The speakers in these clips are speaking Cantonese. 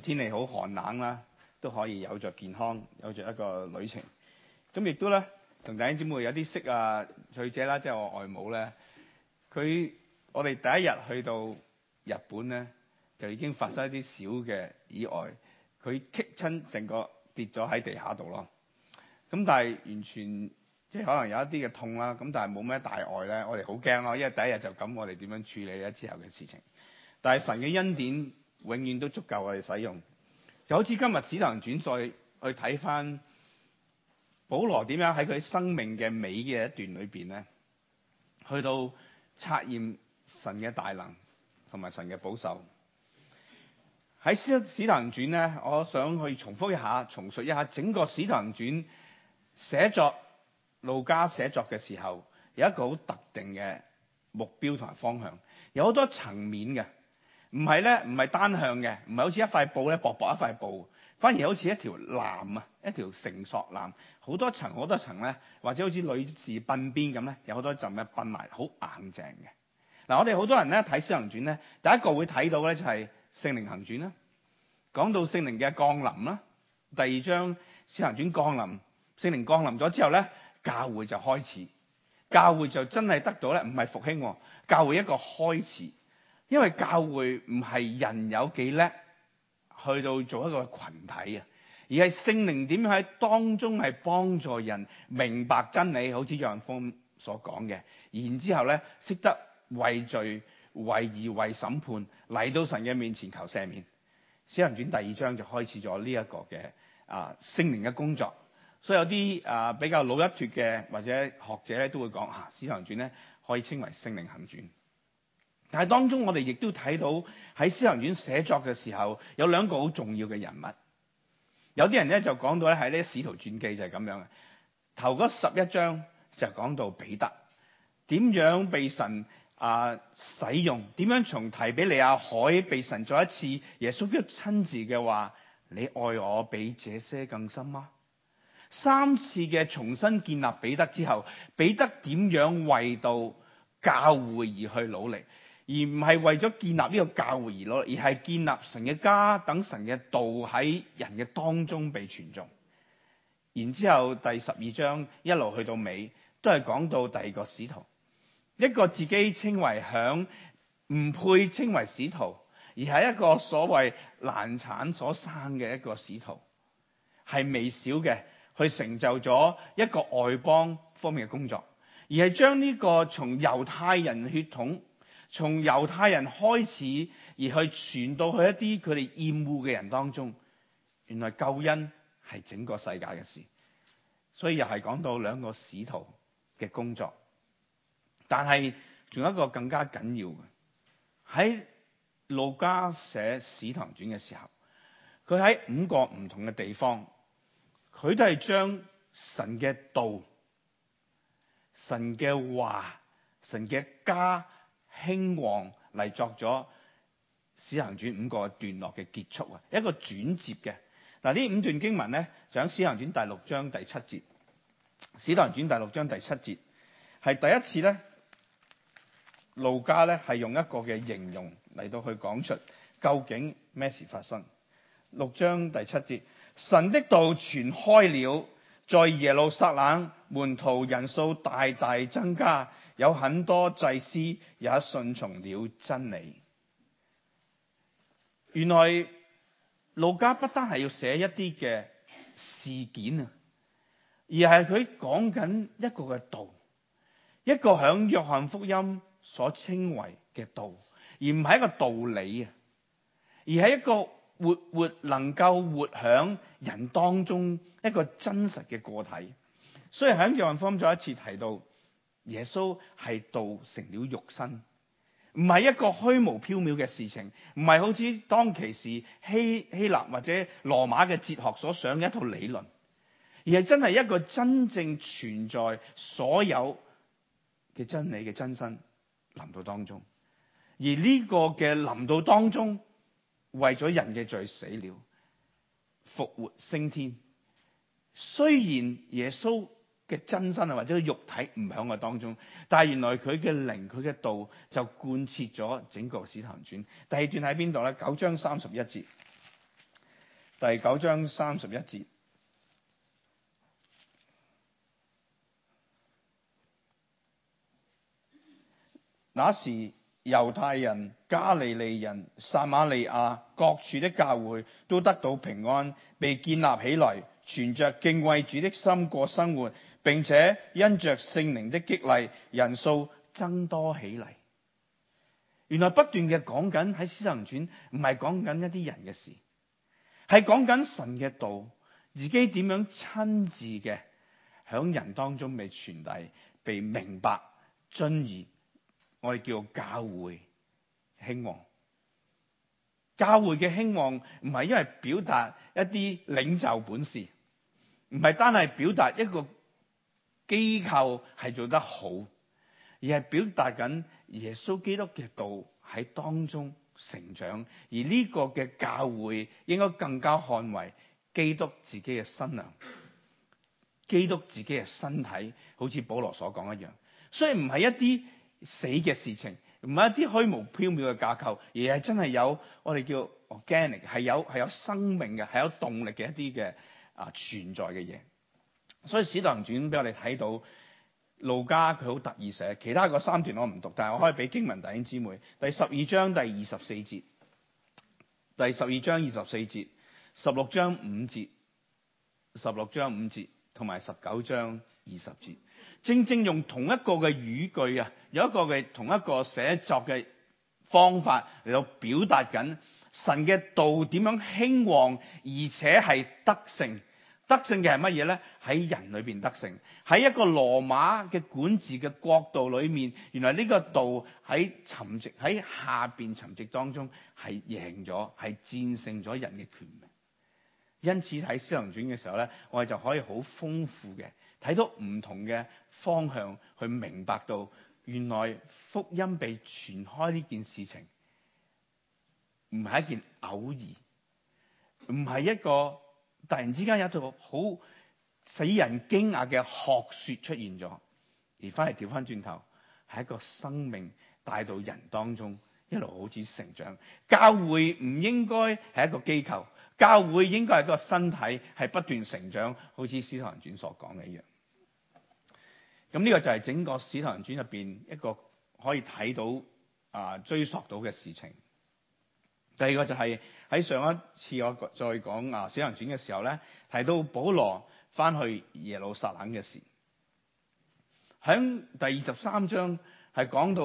天氣好寒冷啦，都可以有着健康，有着一個旅程。咁亦都咧，同大家姊妹有啲識啊，翠姐啦，即係我外母咧。佢我哋第一日去到日本咧，就已經發生一啲小嘅意外。佢棘親成個跌咗喺地下度咯。咁但係完全即係可能有一啲嘅痛啦。咁但係冇咩大礙咧。我哋好驚咯，因為第一日就咁，我哋點樣處理咧之後嘅事情。但係神嘅恩典。永遠都足夠我哋使用，就好似今日《使徒行傳》再去睇翻保羅點樣喺佢生命嘅尾嘅一段裏邊咧，去到測驗神嘅大能同埋神嘅保守。喺《使徒行傳》咧，我想去重複一下，重述一下整個史寫作，《使徒行傳》寫作，路加寫作嘅時候，有一個好特定嘅目標同埋方向，有好多層面嘅。唔係咧，唔係單向嘅，唔係好似一塊布咧，薄薄一塊布，反而好似一條纜啊，一條繩索纜，好多層好多層咧，或者好似女士縫邊咁咧，有好多浸嘅縫埋，好硬淨嘅。嗱、嗯，我哋好多人咧睇《使徒行傳》咧，第一個會睇到咧就係聖靈行傳啦，講到聖靈嘅降臨啦，第二章《使徒行傳》降臨，聖靈降臨咗之後咧，教會就開始，教會就真係得到咧，唔係復興，教會一個開始。因為教會唔係人有幾叻去到做一個群體啊，而係聖靈點喺當中係幫助人明白真理，好似楊峰所講嘅，然之後咧識得為罪、為義、為審判嚟到神嘅面前求赦免。《使行傳》第二章就開始咗呢一個嘅啊，聖靈嘅工作，所以有啲啊比較老一脱嘅或者學者咧都會講啊，《使行傳呢》咧可以稱為聖靈行傳。但係，當中我哋亦都睇到喺《斯航院》寫作嘅時候，有兩個好重要嘅人物。有啲人咧就講到咧喺呢《使徒傳記》就係咁樣嘅頭嗰十一章就講到彼得點樣被神啊使用，點樣從提比利亞海被神再一次耶穌基督親自嘅話：你愛我比這些更深嗎？三次嘅重新建立彼得之後，彼得點樣為到教會而去努力？而唔係為咗建立呢個教會而落，而係建立神嘅家，等神嘅道喺人嘅當中被傳頌。然之後第十二章一路去到尾，都係講到第二個使徒，一個自己稱為響唔配稱為使徒，而係一個所謂難產所生嘅一個使徒，係微小嘅去成就咗一個外邦方面嘅工作，而係將呢個從猶太人血統。從猶太人開始，而去傳到去一啲佢哋厭惡嘅人當中，原來救恩係整個世界嘅事，所以又係講到兩個使徒嘅工作，但係仲有一個更加緊要嘅，喺路加寫《使徒傳》嘅時候，佢喺五個唔同嘅地方，佢都係將神嘅道、神嘅話、神嘅家。興旺嚟作咗《史行傳》五個段落嘅結束啊，一個轉接嘅。嗱，呢五段經文咧，就喺《史行傳》第六章第七節，《史行傳》第六章第七節係第一次咧，路加咧係用一個嘅形容嚟到去講出究竟咩事發生。六章第七節，神的道傳開了，在耶路撒冷門徒人數大大增加。有很多祭司也順從了真理。原來《路加》不單係要寫一啲嘅事件啊，而係佢講緊一個嘅道，一個響約翰福音所稱為嘅道，而唔係一個道理啊，而係一個活活能夠活響人當中一個真實嘅個體。所以喺約翰福音再一次提到。耶穌係道成了肉身，唔係一個虛無縹緲嘅事情，唔係好似當其時希希臘或者羅馬嘅哲學所想嘅一套理論，而係真係一個真正存在所有嘅真理嘅真身臨到當中。而呢個嘅臨到當中，為咗人嘅罪死了，復活升天。雖然耶穌。嘅真身啊，或者肉體唔喺我當中，但係原來佢嘅靈，佢嘅道就貫徹咗整個《使徒行傳》。第二段喺邊度呢？九章三十一節，第九章三十一節。那時猶太人、加利利人、撒瑪利亞各處的教會都得到平安，被建立起來，存着敬畏主的心過生活。並且因着聖靈的激勵，人數增多起嚟。原來不斷嘅講緊喺《使行傳》，唔係講緊一啲人嘅事，係講緊神嘅道，自己點樣親自嘅響人當中未傳遞、被明白，進而我哋叫做教會興旺。教會嘅興旺唔係因為表達一啲領袖本事，唔係單係表達一個。機構係做得好，而係表達緊耶穌基督嘅道喺當中成長，而呢個嘅教會應該更加捍衛基督自己嘅新娘，基督自己嘅身體，好似保羅所講一樣，所以唔係一啲死嘅事情，唔係一啲虛無縹緲嘅架構，而係真係有我哋叫 organic，係有係有生命嘅，係有動力嘅一啲嘅啊存在嘅嘢。所以《使徒行傳》俾我哋睇到，路加佢好特意寫，其他個三段我唔讀，但係我可以俾經文弟兄姊妹，第十二章第二十四節，第十二章二十四節，十六章五節，十六章五節，同埋十九章二十節，正正用同一個嘅語句啊，有一個嘅同一個寫作嘅方法嚟到表達緊神嘅道點樣興旺，而且係得勝。得勝嘅係乜嘢咧？喺人裏邊得勝，喺一個羅馬嘅管治嘅國度裏面，原來呢個道喺沉寂喺下邊沉寂當中係贏咗，係戰勝咗人嘅權柄。因此喺使徒行傳嘅時候咧，我哋就可以好豐富嘅睇到唔同嘅方向去明白到，原來福音被傳開呢件事情唔係一件偶然，唔係一個。突然之間有一套好使人驚訝嘅學說出現咗，而翻嚟調翻轉頭，係一個生命帶到人當中，一路好似成長。教會唔應該係一個機構，教會應該係一個身體，係不斷成長，好似《使徒行傳》所講嘅一樣。咁呢個就係整個《使徒行傳》入邊一個可以睇到啊，追溯到嘅事情。第二個就係、是、喺上一次我再講啊《使徒行傳》嘅時候咧，提到保羅翻去耶路撒冷嘅事，響第二十三章係講到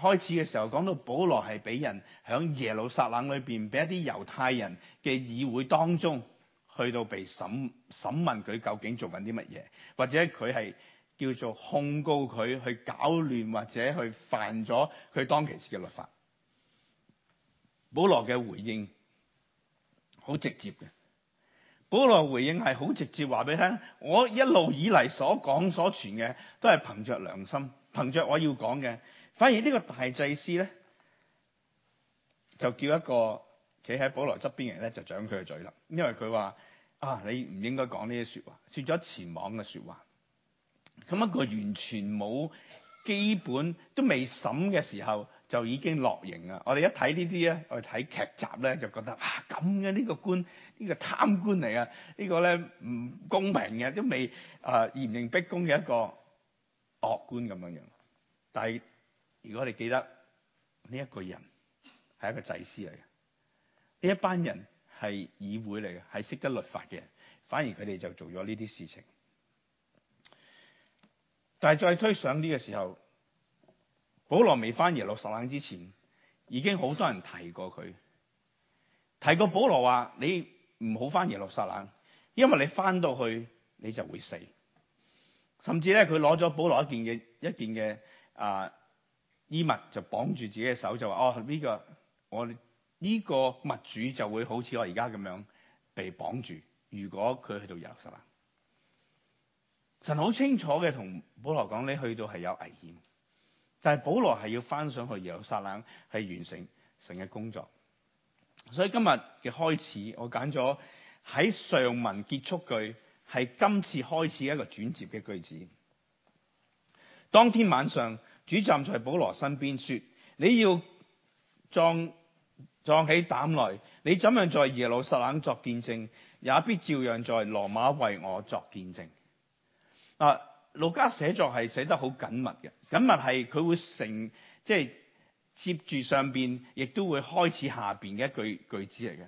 開始嘅時候，講到保羅係俾人響耶路撒冷裏邊，俾一啲猶太人嘅議會當中去到被審審問佢究竟做緊啲乜嘢，或者佢係叫做控告佢去搞亂或者去犯咗佢當其時嘅律法。保羅嘅回應好直接嘅，保羅回應係好直接，話俾你聽我一路以嚟所講所傳嘅都係憑着良心，憑着我要講嘅，反而呢個大祭司咧就叫一個企喺保羅側邊嘅人咧就掌佢嘅嘴啦，因為佢話啊你唔應該講呢啲說話，說咗前網嘅說話，咁一個完全冇基本都未審嘅時候，就已經落營啦！我哋一睇呢啲咧，我哋睇劇集咧，就覺得啊，咁嘅呢個官，這個貪官這個、呢個貪官嚟噶，呢個咧唔公平嘅，都未啊嚴刑逼供嘅一個惡官咁樣樣。但係如果我哋記得呢一、這個人係一個祭司嚟嘅，呢一班人係議會嚟嘅，係識得律法嘅，反而佢哋就做咗呢啲事情。但係再推上啲嘅時候。保羅未翻耶路撒冷之前，已經好多人提過佢，提過保羅話：你唔好翻耶路撒冷，因為你翻到去你就會死。甚至咧，佢攞咗保羅一件嘅一件嘅啊衣物，就綁住自己嘅手，就話：哦呢個我呢個物主就會好似我而家咁樣被綁住。如果佢去到耶路撒冷，神好清楚嘅同保羅講：你去到係有危險。但係保羅係要翻上去耶路撒冷，係完成神嘅工作。所以今日嘅開始，我揀咗喺上文結束句，係今次開始一個轉折嘅句子。當天晚上，主站在保羅身邊說：你要壯壯起膽來，你怎樣在耶路撒冷作見證，也必照樣在羅馬為我作見證。啊！路加寫作係寫得好緊密嘅，緊密係佢會成即係接住上邊，亦都會開始下邊嘅一句句子嚟嘅。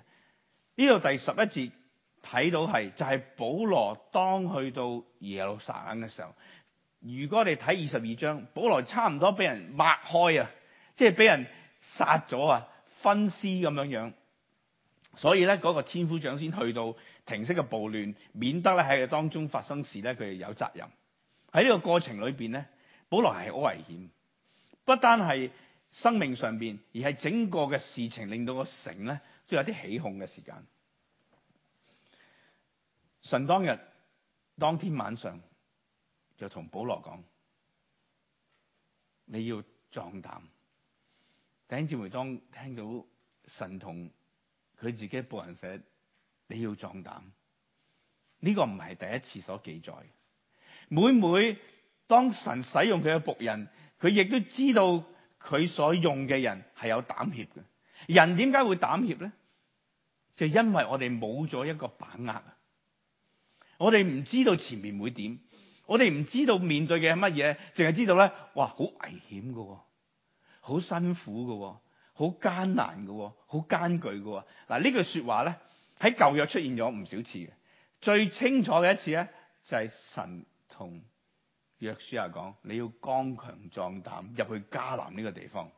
呢度第十一節睇到係就係、是、保羅當去到耶路撒冷嘅時候。如果你睇二十二章，保羅差唔多俾人擘開啊，即係俾人殺咗啊，分屍咁樣樣。所以咧，嗰個千夫長先去到停息嘅暴亂，免得咧喺當中發生事咧，佢哋有責任。喺呢個過程裏邊咧，保羅係好危險，不單係生命上邊，而係整個嘅事情令到個城咧都有啲起哄嘅時間。神當日當天晚上就同保羅講：你要壯膽。弟兄姊妹當聽到神同佢自己僕人說你要壯膽，呢、這個唔係第一次所記載。每每當神使用佢嘅僕人，佢亦都知道佢所用嘅人係有膽怯嘅。人點解會膽怯咧？就係因為我哋冇咗一個把握啊！我哋唔知道前面會點，我哋唔知道面對嘅係乜嘢，淨係知道咧，哇！好危險㗎，好辛苦㗎，好艱難㗎，好艱巨㗎。嗱，呢句說話咧喺舊約出現咗唔少次嘅，最清楚嘅一次咧就係神。同約書亞講，你要剛強壯膽入去迦南呢個地方，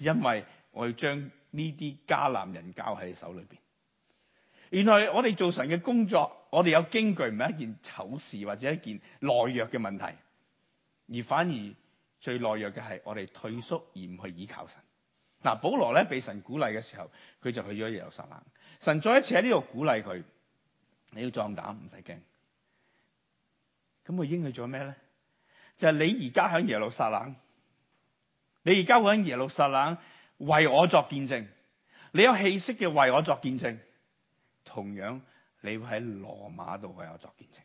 因為我要將呢啲迦南人交喺你手裏邊。原來我哋做神嘅工作，我哋有驚懼，唔係一件醜事或者一件懦弱嘅問題，而反而最懦弱嘅係我哋退縮而唔去依靠神。嗱、啊，保羅咧被神鼓勵嘅時候，佢就去咗耶路撒冷。神再一次喺呢度鼓勵佢，你要壯膽，唔使驚。咁佢應佢做咩咧？就係你而家喺耶路撒冷，你而家會喺耶路撒冷為我作見證，你有氣息嘅，為我作見證。同樣你會喺羅馬度為我作見證。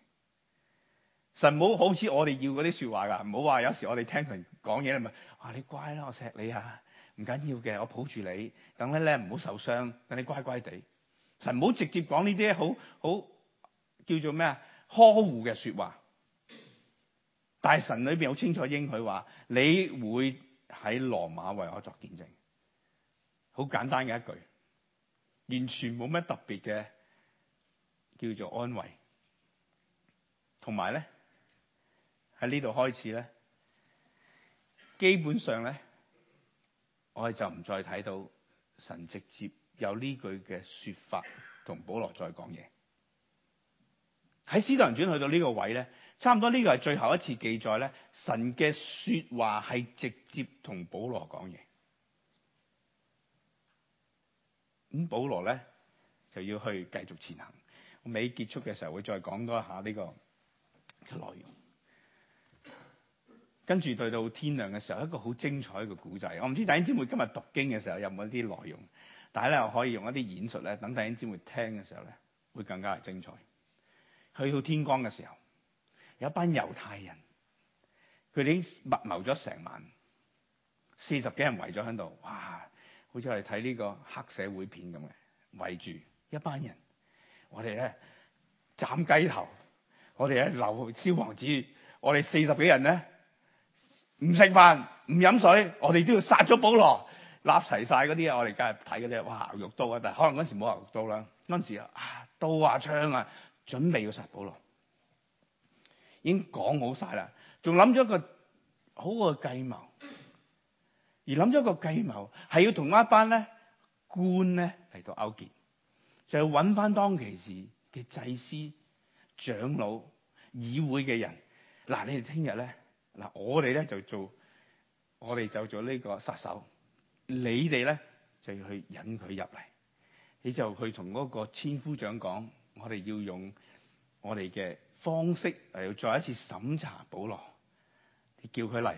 神唔好好似我哋要嗰啲說話噶，唔好話有時我哋聽神講嘢，咪話你乖啦，我錫你啊，唔緊要嘅，我抱住你，等咧咧唔好受傷，等你乖乖地。神唔好直接講呢啲好好叫做咩啊呵護嘅說話。大神裏邊好清楚應許話，你會喺羅馬為我作見證，好簡單嘅一句，完全冇乜特別嘅叫做安慰，同埋咧喺呢度開始咧，基本上咧我哋就唔再睇到神直接有呢句嘅說法同保羅再講嘢。喺《使徒行傳》去到呢個位咧，差唔多呢個係最後一次記載咧。神嘅說話係直接同保羅講嘢，咁保羅咧就要去繼續前行。我未結束嘅時候會再講多一下呢個嘅內容，跟住對到天亮嘅時候，一個好精彩嘅古仔。我唔知弟兄姊妹今日讀經嘅時候有冇一啲內容，但係咧我可以用一啲演述咧，等弟兄姊妹聽嘅時候咧，會更加係精彩。去到天光嘅時候，有一班猶太人，佢哋已經密謀咗成晚，四十幾人圍咗喺度，哇！好似我哋睇呢個黑社會片咁嘅，圍住一班人，我哋咧斬雞頭，我哋咧留燒黃紙，我哋四十幾人咧唔食飯唔飲水，我哋都要殺咗保羅，立齊晒嗰啲啊！我哋梗係睇嘅啫，哇！牛肉刀啊，但係可能嗰時冇牛肉刀啦，嗰時啊刀啊槍啊。準備要殺保羅，已經講好晒啦，仲諗咗一個好嘅計謀，而諗咗個計謀係要同一班咧官咧嚟到勾結，就揾翻當其時嘅祭司、長老、議會嘅人。嗱，你哋聽日咧，嗱我哋咧就做，我哋就做呢個殺手，你哋咧就要去引佢入嚟，你就去同嗰個千夫長講。我哋要用我哋嘅方式嚟到再一次審查保羅。你叫佢嚟，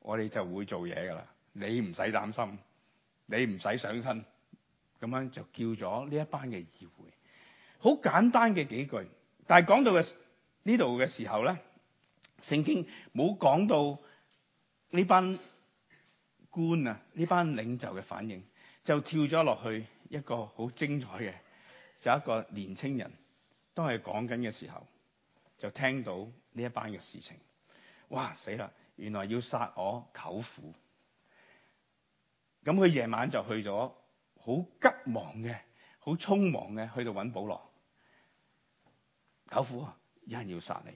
我哋就會做嘢噶啦。你唔使擔心，你唔使上身，咁樣就叫咗呢一班嘅議會。好簡單嘅幾句，但係講到嘅呢度嘅時候咧，聖經冇講到呢班官啊、呢班領袖嘅反應，就跳咗落去一個好精彩嘅。有一個年青人，都係講緊嘅時候，就聽到呢一班嘅事情，哇死啦！原來要殺我舅父，咁佢夜晚就去咗，好急忙嘅，好匆忙嘅去到揾保羅，舅父啊，有人要殺你，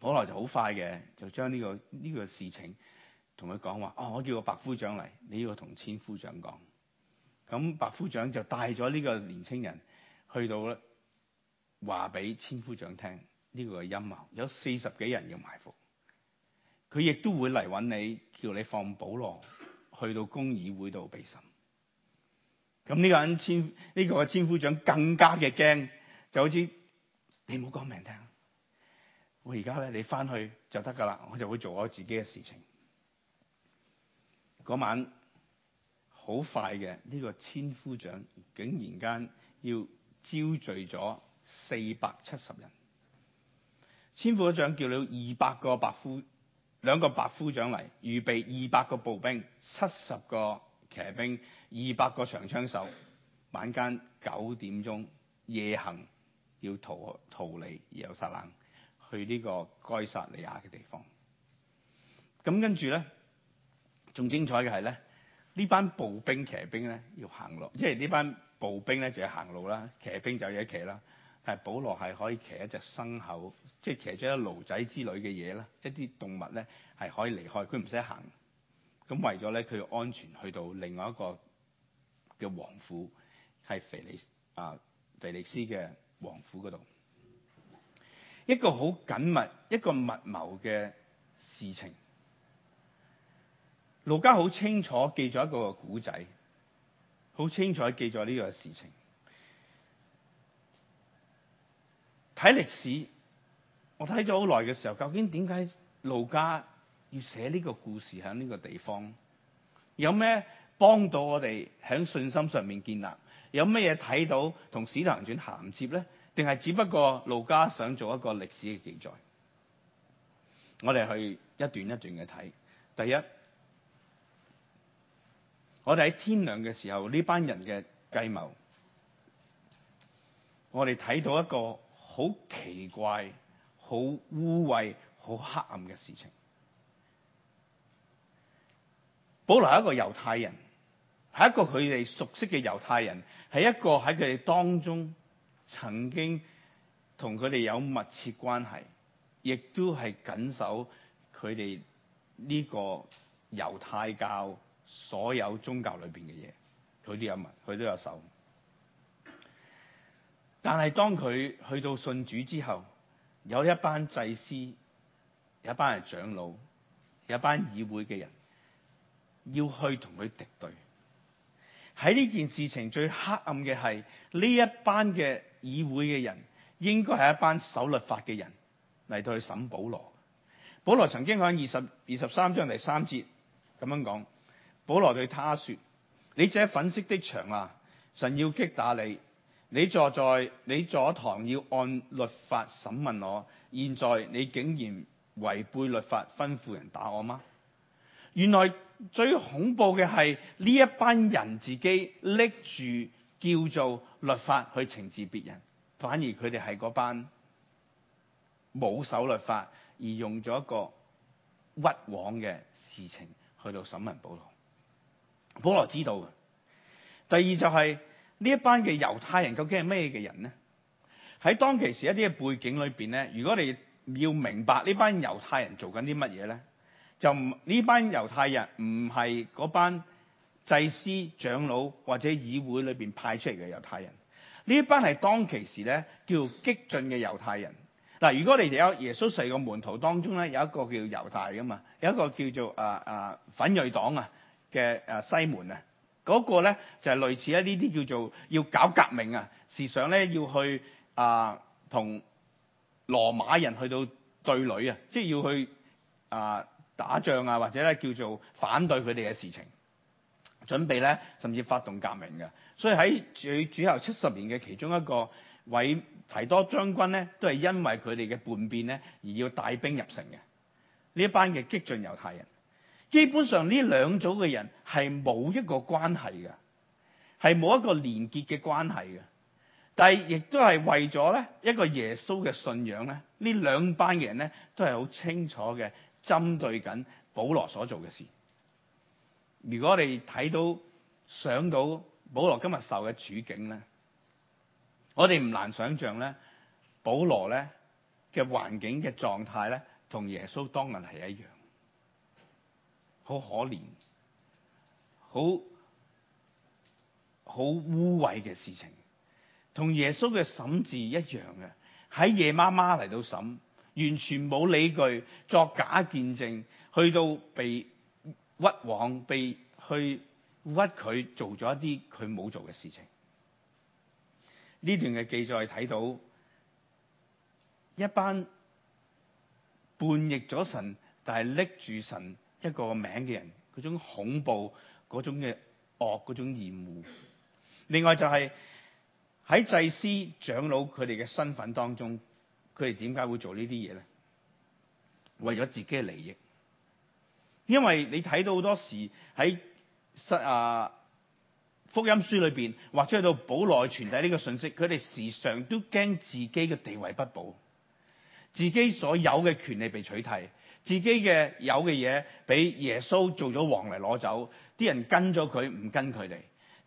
保羅就好快嘅就將呢個呢個事情同佢講話，哦我叫個百夫長嚟，你要同千夫長講。咁百夫長就帶咗呢個年青人去到咧，話俾千夫長聽呢、這個係陰謀有四十幾人要埋伏，佢亦都會嚟揾你，叫你放保羅去到公議會度避審。咁、這、呢個人千呢、這個千夫長更加嘅驚，就好似你唔好講名聽，我而家咧你翻去就得噶啦，我就會做我自己嘅事情。嗰晚。好快嘅呢、這個千夫長，竟然間要招聚咗四百七十人。千夫長叫了二百個百夫，兩個百夫長嚟預備二百個步兵、七十個騎兵、二百個長槍手。晚間九點鐘夜行要逃逃離耶路撒冷，去呢個該撒利亞嘅地方。咁跟住咧，仲精彩嘅係咧。呢班步兵騎兵咧要行路，即係呢班步兵咧就要行路啦，騎兵就要騎啦。但係保羅係可以騎一隻牲口，即係騎咗一驢仔之類嘅嘢啦，一啲動物咧係可以離開佢唔使行。咁為咗咧佢要安全去到另外一個嘅王府，係腓力啊腓力斯嘅王府嗰度，一個好緊密、一個密謀嘅事情。路加好清楚記咗一個古仔，好清楚記載呢個,個事情。睇歷史，我睇咗好耐嘅時候，究竟點解路加要寫呢個故事喺呢個地方？有咩幫到我哋喺信心上面建立？有咩嘢睇到同《史記》銜接咧？定係只不過路加想做一個歷史嘅記載？我哋去一段一段嘅睇，第一。我哋喺天亮嘅時候，呢班人嘅計謀，我哋睇到一個好奇怪、好污穢、好黑暗嘅事情。保羅係一個猶太人，係一個佢哋熟悉嘅猶太人，係一個喺佢哋當中曾經同佢哋有密切關係，亦都係緊守佢哋呢個猶太教。所有宗教裏邊嘅嘢，佢都有聞，佢都有守。但係當佢去到信主之後，有一班祭司，有一班係長老，有一班議會嘅人要去同佢敵對。喺呢件事情最黑暗嘅係呢一班嘅議會嘅人，應該係一班守律法嘅人嚟到去審保羅。保羅曾經喺二十二十三章第三節咁樣講。保羅對他說：你這粉飾的牆啊，神要擊打你。你坐在你坐堂要按律法審問我，現在你竟然違背律法吩咐人打我嗎？原來最恐怖嘅係呢一班人自己拎住叫做律法去懲治別人，反而佢哋係嗰班冇守律法，而用咗一個屈枉嘅事情去到審問保羅。保羅知道嘅。第二就係呢一班嘅猶太人究竟係咩嘅人呢？喺當其時一啲嘅背景裏邊呢，如果你要明白呢班猶太人做緊啲乜嘢咧，就唔呢班猶太人唔係嗰班祭司、長老或者議會裏邊派出嚟嘅猶太人。呢一班係當其時咧叫激進嘅猶太人。嗱，如果你哋有耶穌世個門徒當中咧，有一個叫猶大噶嘛，有一個叫做啊啊奮銳黨啊。嘅誒西門啊，嗰個咧就係、是、類似啊呢啲叫做要搞革命啊，時常咧要去啊、呃、同羅馬人去到對壘啊，即係要去啊、呃、打仗啊，或者咧叫做反對佢哋嘅事情，準備咧甚至發動革命嘅。所以喺主主後七十年嘅其中一個委提多將軍咧，都係因為佢哋嘅叛變咧而要帶兵入城嘅呢一班嘅激進猶太人。基本上呢兩組嘅人係冇一個關係嘅，係冇一個連結嘅關係嘅。但係亦都係為咗咧一個耶穌嘅信仰咧，呢兩班嘅人咧都係好清楚嘅，針對緊保羅所做嘅事。如果我哋睇到、想到保羅今日受嘅處境咧，我哋唔難想象咧，保羅咧嘅環境嘅狀態咧，同耶穌當人係一樣。好可憐，好好污穢嘅事情，同耶穌嘅審字一樣嘅，喺夜媽媽嚟到審，完全冇理據作假見證，去到被屈枉，被去屈佢做咗一啲佢冇做嘅事情。呢段嘅記載睇到一班叛逆咗神，但係拎住神一個名嘅人，嗰種恐怖，嗰種嘅惡，嗰種厭惡。另外就係、是、喺祭司長老佢哋嘅身份當中，佢哋點解會做呢啲嘢咧？為咗自己嘅利益。因為你睇到好多時喺《四啊福音書》裏邊，或者去到保羅傳遞呢個信息，佢哋時常都驚自己嘅地位不保，自己所有嘅權利被取締。自己嘅有嘅嘢俾耶穌做咗王嚟攞走，啲人跟咗佢唔跟佢哋，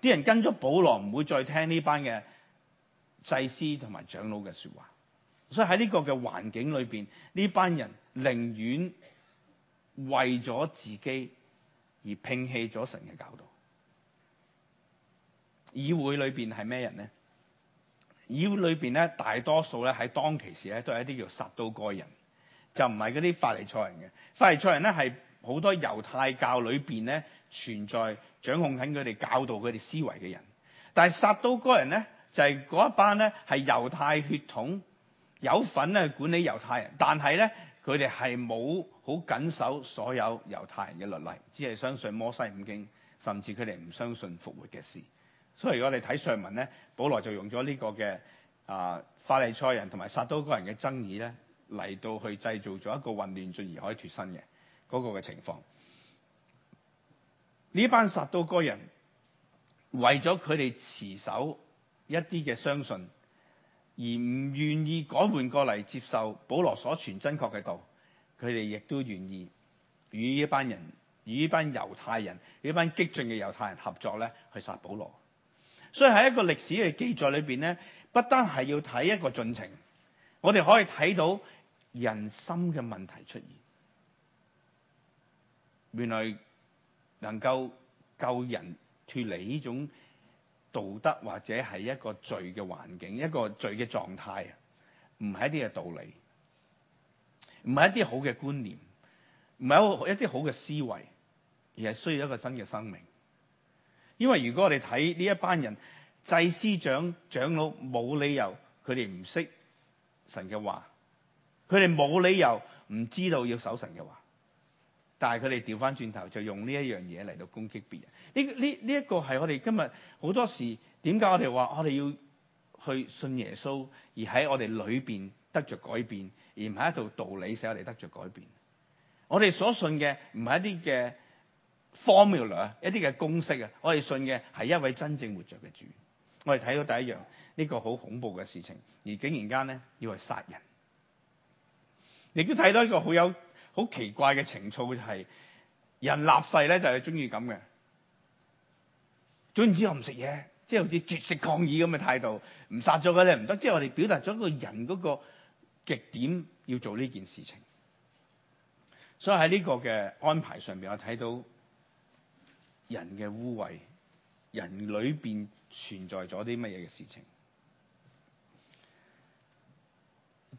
啲人跟咗保羅唔會再聽呢班嘅祭司同埋長老嘅說話，所以喺呢個嘅環境裏邊，呢班人寧願為咗自己而摒棄咗神嘅教導。議會裏邊係咩人呢？議會裏邊咧大多數咧喺當其時咧都係一啲叫撒都該人。就唔係嗰啲法利賽人嘅，法利賽人咧係好多猶太教裏邊咧存在掌控緊佢哋教導佢哋思維嘅人。但係撒都該人咧就係、是、嗰一班咧係猶太血統有份咧管理猶太人，但係咧佢哋係冇好謹守所有猶太人嘅律例，只係相信摩西五經，甚至佢哋唔相信復活嘅事。所以如果你睇上文咧，保羅就用咗呢個嘅啊法利賽人同埋撒都該人嘅爭議咧。嚟到去製造咗一個混亂，進而可以脫身嘅嗰個嘅情況。呢班殺到個人，為咗佢哋持守一啲嘅相信，而唔願意改換過嚟接受保羅所傳真確嘅道，佢哋亦都願意與呢班人、與呢班猶太人、呢班激進嘅猶太人合作咧，去殺保羅。所以喺一個歷史嘅記載裏邊咧，不單係要睇一個進程，我哋可以睇到。人心嘅問題出現，原來能夠救人脱離呢種道德或者係一個罪嘅環境，一個罪嘅狀態啊，唔係一啲嘅道理，唔係一啲好嘅觀念，唔係一啲好嘅思維，而係需要一個新嘅生命。因為如果我哋睇呢一班人，祭司長、長老，冇理由佢哋唔識神嘅話。佢哋冇理由唔知道要守神嘅話，但係佢哋調翻轉頭就用呢一樣嘢嚟到攻擊別人。呢呢呢一個係我哋今日好多時點解我哋話我哋要去信耶穌，而喺我哋裏邊得着改變，而唔係一套道，道理使我哋得着改變。我哋所信嘅唔係一啲嘅 formula，一啲嘅公式啊，我哋信嘅係一位真正活着嘅主。我哋睇到第一樣呢，這個好恐怖嘅事情，而竟然間咧要去殺人。亦都睇到一個好有好奇怪嘅情操，就係人立世咧就係中意咁嘅，總之我唔食嘢，即係好似絕食抗議咁嘅態度，唔殺咗佢咧唔得，即係我哋表達咗一個人嗰個極點要做呢件事情。所以喺呢個嘅安排上邊，我睇到人嘅污穢，人裏邊存在咗啲乜嘢嘅事情，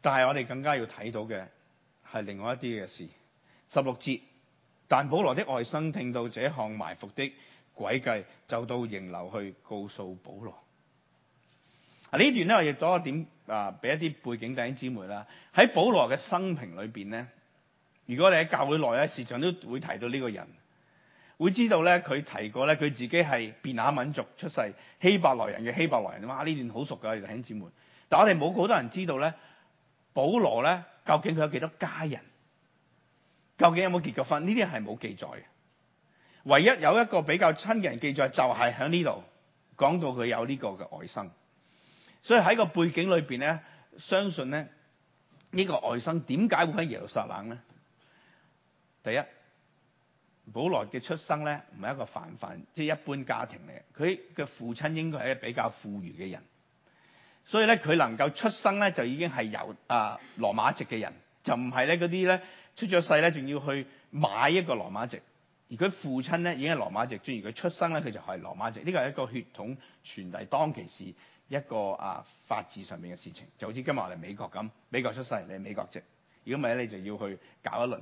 但係我哋更加要睇到嘅。係另外一啲嘅事。十六節，但保羅的外甥聽到這項埋伏的詭計，就到營樓去告訴保羅。啊，段呢段咧我亦多一點啊，俾、呃、一啲背景弟兄姊妹啦。喺保羅嘅生平裏邊咧，如果你喺教會內咧，時常都會提到呢個人，會知道咧佢提過咧佢自己係便雅憫族出世希伯來人嘅希伯來人。啊嘛，呢段好熟噶，弟兄姊妹。但我哋冇好多人知道咧，保羅咧。究竟佢有幾多家人？究竟有冇結過婚？呢啲係冇記載嘅。唯一有一個比較親嘅人記載，就係喺呢度講到佢有呢個嘅外甥。所以喺個背景裏邊咧，相信咧呢個外甥點解會喺耶路撒冷咧？第一，保羅嘅出生咧唔係一個凡凡，即係一般家庭嚟。佢嘅父親應該係一比較富裕嘅人。所以咧，佢能夠出生咧，就已經係由啊、呃、羅馬籍嘅人，就唔係咧嗰啲咧出咗世咧，仲要去買一個羅馬籍。而佢父親咧已經係羅馬籍，而佢出生咧佢就係羅馬籍。呢個係一個血統傳遞，當其時，時一個啊法治上面嘅事情。就好似今日我哋美國咁，美國出世你係美國籍，如果唔係你就要去搞一輪。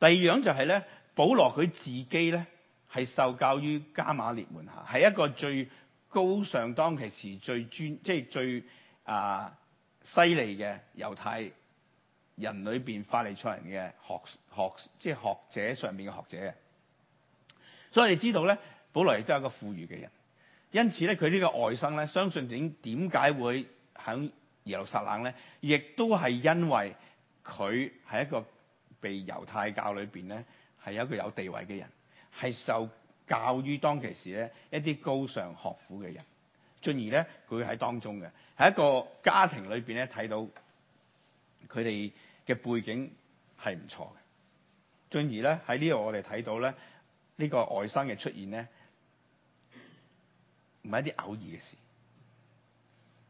第二樣就係咧，保羅佢自己咧係受教於加瑪列門下，係一個最。高尚當其時最尊，即係最啊犀利嘅猶太人裏邊，法利賽人嘅學學，即係學者上面嘅學者。所以你知道咧，保羅亦都係一個富裕嘅人，因此咧佢呢個外甥咧，相信點點解會喺耶路撒冷咧，亦都係因為佢係一個被猶太教裏邊咧係一個有地位嘅人，係受。教於當其時咧，一啲高尚學府嘅人，進而咧佢喺當中嘅，喺一個家庭裏邊咧睇到佢哋嘅背景係唔錯嘅。進而咧喺呢度我哋睇到咧，呢個外甥嘅出現咧，唔係一啲偶爾嘅事，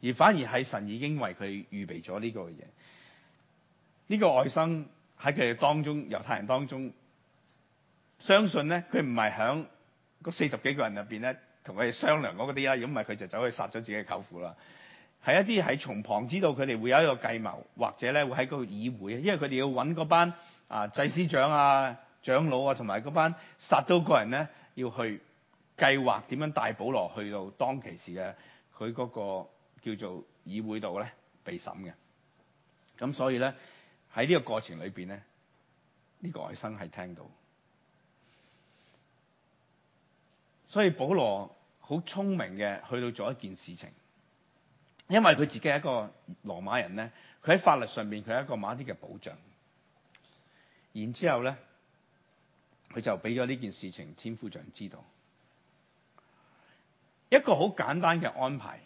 而反而係神已經為佢預備咗呢個嘅嘢。呢個外甥喺佢哋當中猶太人當中，相信咧佢唔係響。個四十幾個人入邊咧，同佢哋商量嗰啲啦，如果唔係佢就走去殺咗自己舅父啦。係一啲喺從旁知道佢哋會有一個計謀，或者咧會喺嗰個議會，因為佢哋要搵嗰班啊祭司長啊長老啊同埋嗰班殺刀個人咧，要去計劃點樣帶保羅去到當其時嘅佢嗰個叫做議會度咧被審嘅。咁所以咧喺呢個過程裏邊咧，呢個外甥係聽到。所以保羅好聰明嘅，去到做一件事情，因為佢自己係一個羅馬人咧，佢喺法律上面，佢有一個某啲嘅保障。然之後咧，佢就俾咗呢件事情千夫長知道，一個好簡單嘅安排。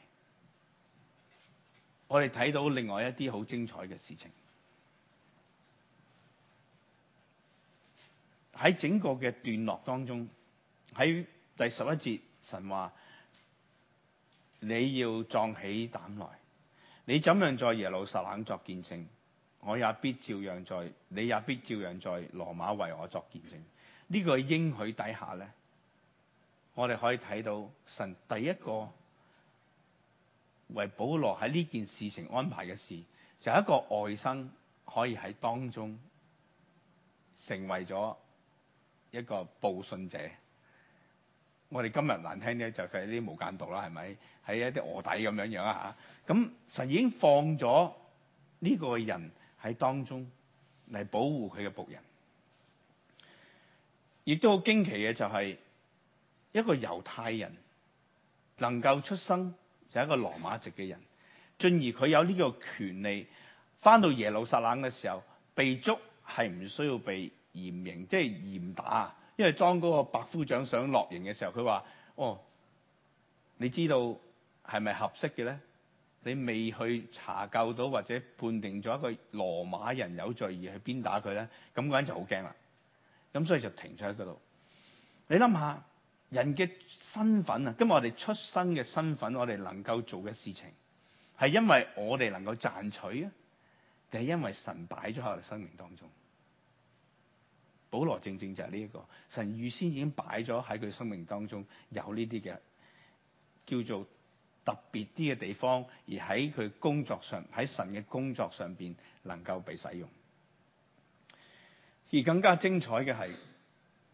我哋睇到另外一啲好精彩嘅事情，喺整個嘅段落當中，喺。第十一節，神話你要壯起膽來，你怎樣在耶路撒冷作見證，我也必照樣在，你也必照樣在羅馬為我作見證。呢、這個應許底下咧，我哋可以睇到神第一個為保羅喺呢件事情安排嘅事，就是、一個外甥可以喺當中成為咗一個報信者。我哋今日難聽啲就係、是、啲無間道啦，係咪？係一啲臥底咁樣樣啊吓咁、嗯、神已經放咗呢個人喺當中嚟，保護佢嘅僕人，亦都好驚奇嘅就係、是、一個猶太人能夠出生就係一個羅馬籍嘅人，進而佢有呢個權利翻到耶路撒冷嘅時候被捉係唔需要被嚴刑，即係嚴打。因為當嗰個百夫長想落營嘅時候，佢話：哦，你知道係咪合適嘅咧？你未去查究到或者判定咗一個羅馬人有罪而去鞭打佢咧，咁嗰人就好驚啦。咁所以就停咗喺嗰度。你諗下，人嘅身份啊，今日我哋出生嘅身份，我哋能夠做嘅事情，係因為我哋能夠賺取啊，定係因為神擺咗喺我哋生命當中？保羅正正就係呢一個，神預先已經擺咗喺佢生命當中有呢啲嘅叫做特別啲嘅地方，而喺佢工作上，喺神嘅工作上邊能夠被使用。而更加精彩嘅係，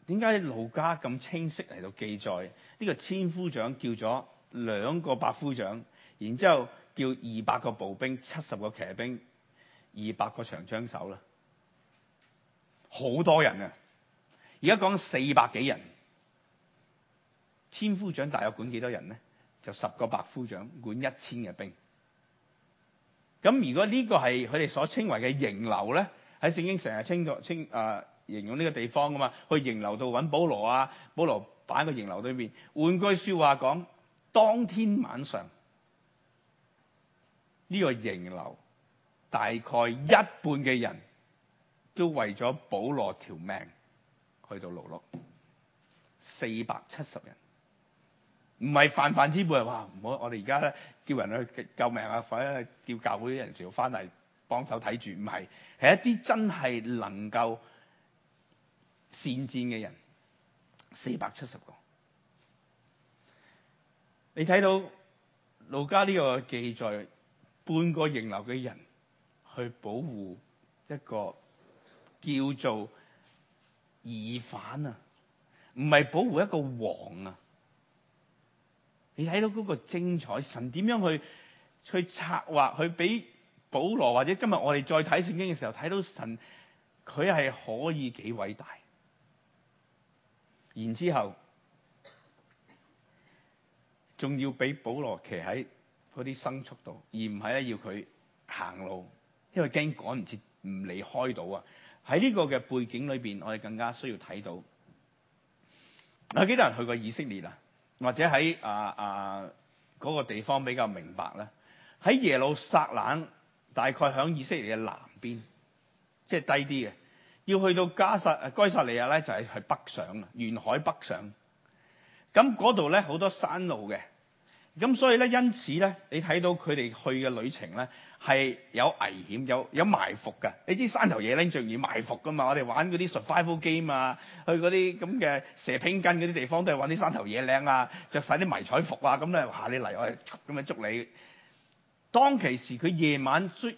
點解路加咁清晰嚟到記載呢、這個千夫長叫咗兩個百夫長，然之後叫二百個步兵、七十個騎兵、二百個長槍手啦。好多人啊！而家講四百幾人，千夫長大約管幾多人咧？就十個百夫長管一千嘅兵。咁如果呢個係佢哋所稱為嘅營樓咧，喺聖經成日稱作稱啊、呃、形容呢個地方噶嘛？去營樓度揾保羅啊，保羅擺個營樓對面。換句說話講，當天晚上呢、呢個營樓大概一半嘅人。都為咗保羅條命去到勞碌，四百七十人唔係泛泛之輩係話唔好我哋而家咧叫人去救命啊，或者叫教會啲人潮翻嚟幫手睇住，唔係係一啲真係能夠善戰嘅人，四百七十個。你睇到《路加》呢個記載，半個營樓嘅人去保護一個。叫做疑犯啊，唔係保護一個王啊。你睇到嗰個精彩，神點樣去去策劃去俾保羅，或者今日我哋再睇聖經嘅時候，睇到神佢係可以幾偉大。然之後仲要俾保羅騎喺嗰啲牲畜度，而唔係咧要佢行路，因為驚趕唔切唔離開到啊。喺呢個嘅背景裏邊，我哋更加需要睇到，有幾多人去過以色列啊？或者喺啊啊嗰個地方比較明白咧？喺耶路撒冷，大概喺以色列嘅南邊，即係低啲嘅，要去到加撒、埃該撒利亞咧，就係係北上啊，沿海北上。咁嗰度咧好多山路嘅。咁所以咧，因此咧，你睇到佢哋去嘅旅程咧，係有危險，有有埋伏嘅。你知山頭野嶺最容易埋伏噶嘛？我哋玩啲 survival game 啊，去啲咁嘅蛇拼筋啲地方，都係玩啲山頭野嶺啊，著曬啲迷彩服啊，咁咧，嚇你嚟，我哋咁樣捉你。當其時佢夜晚出咁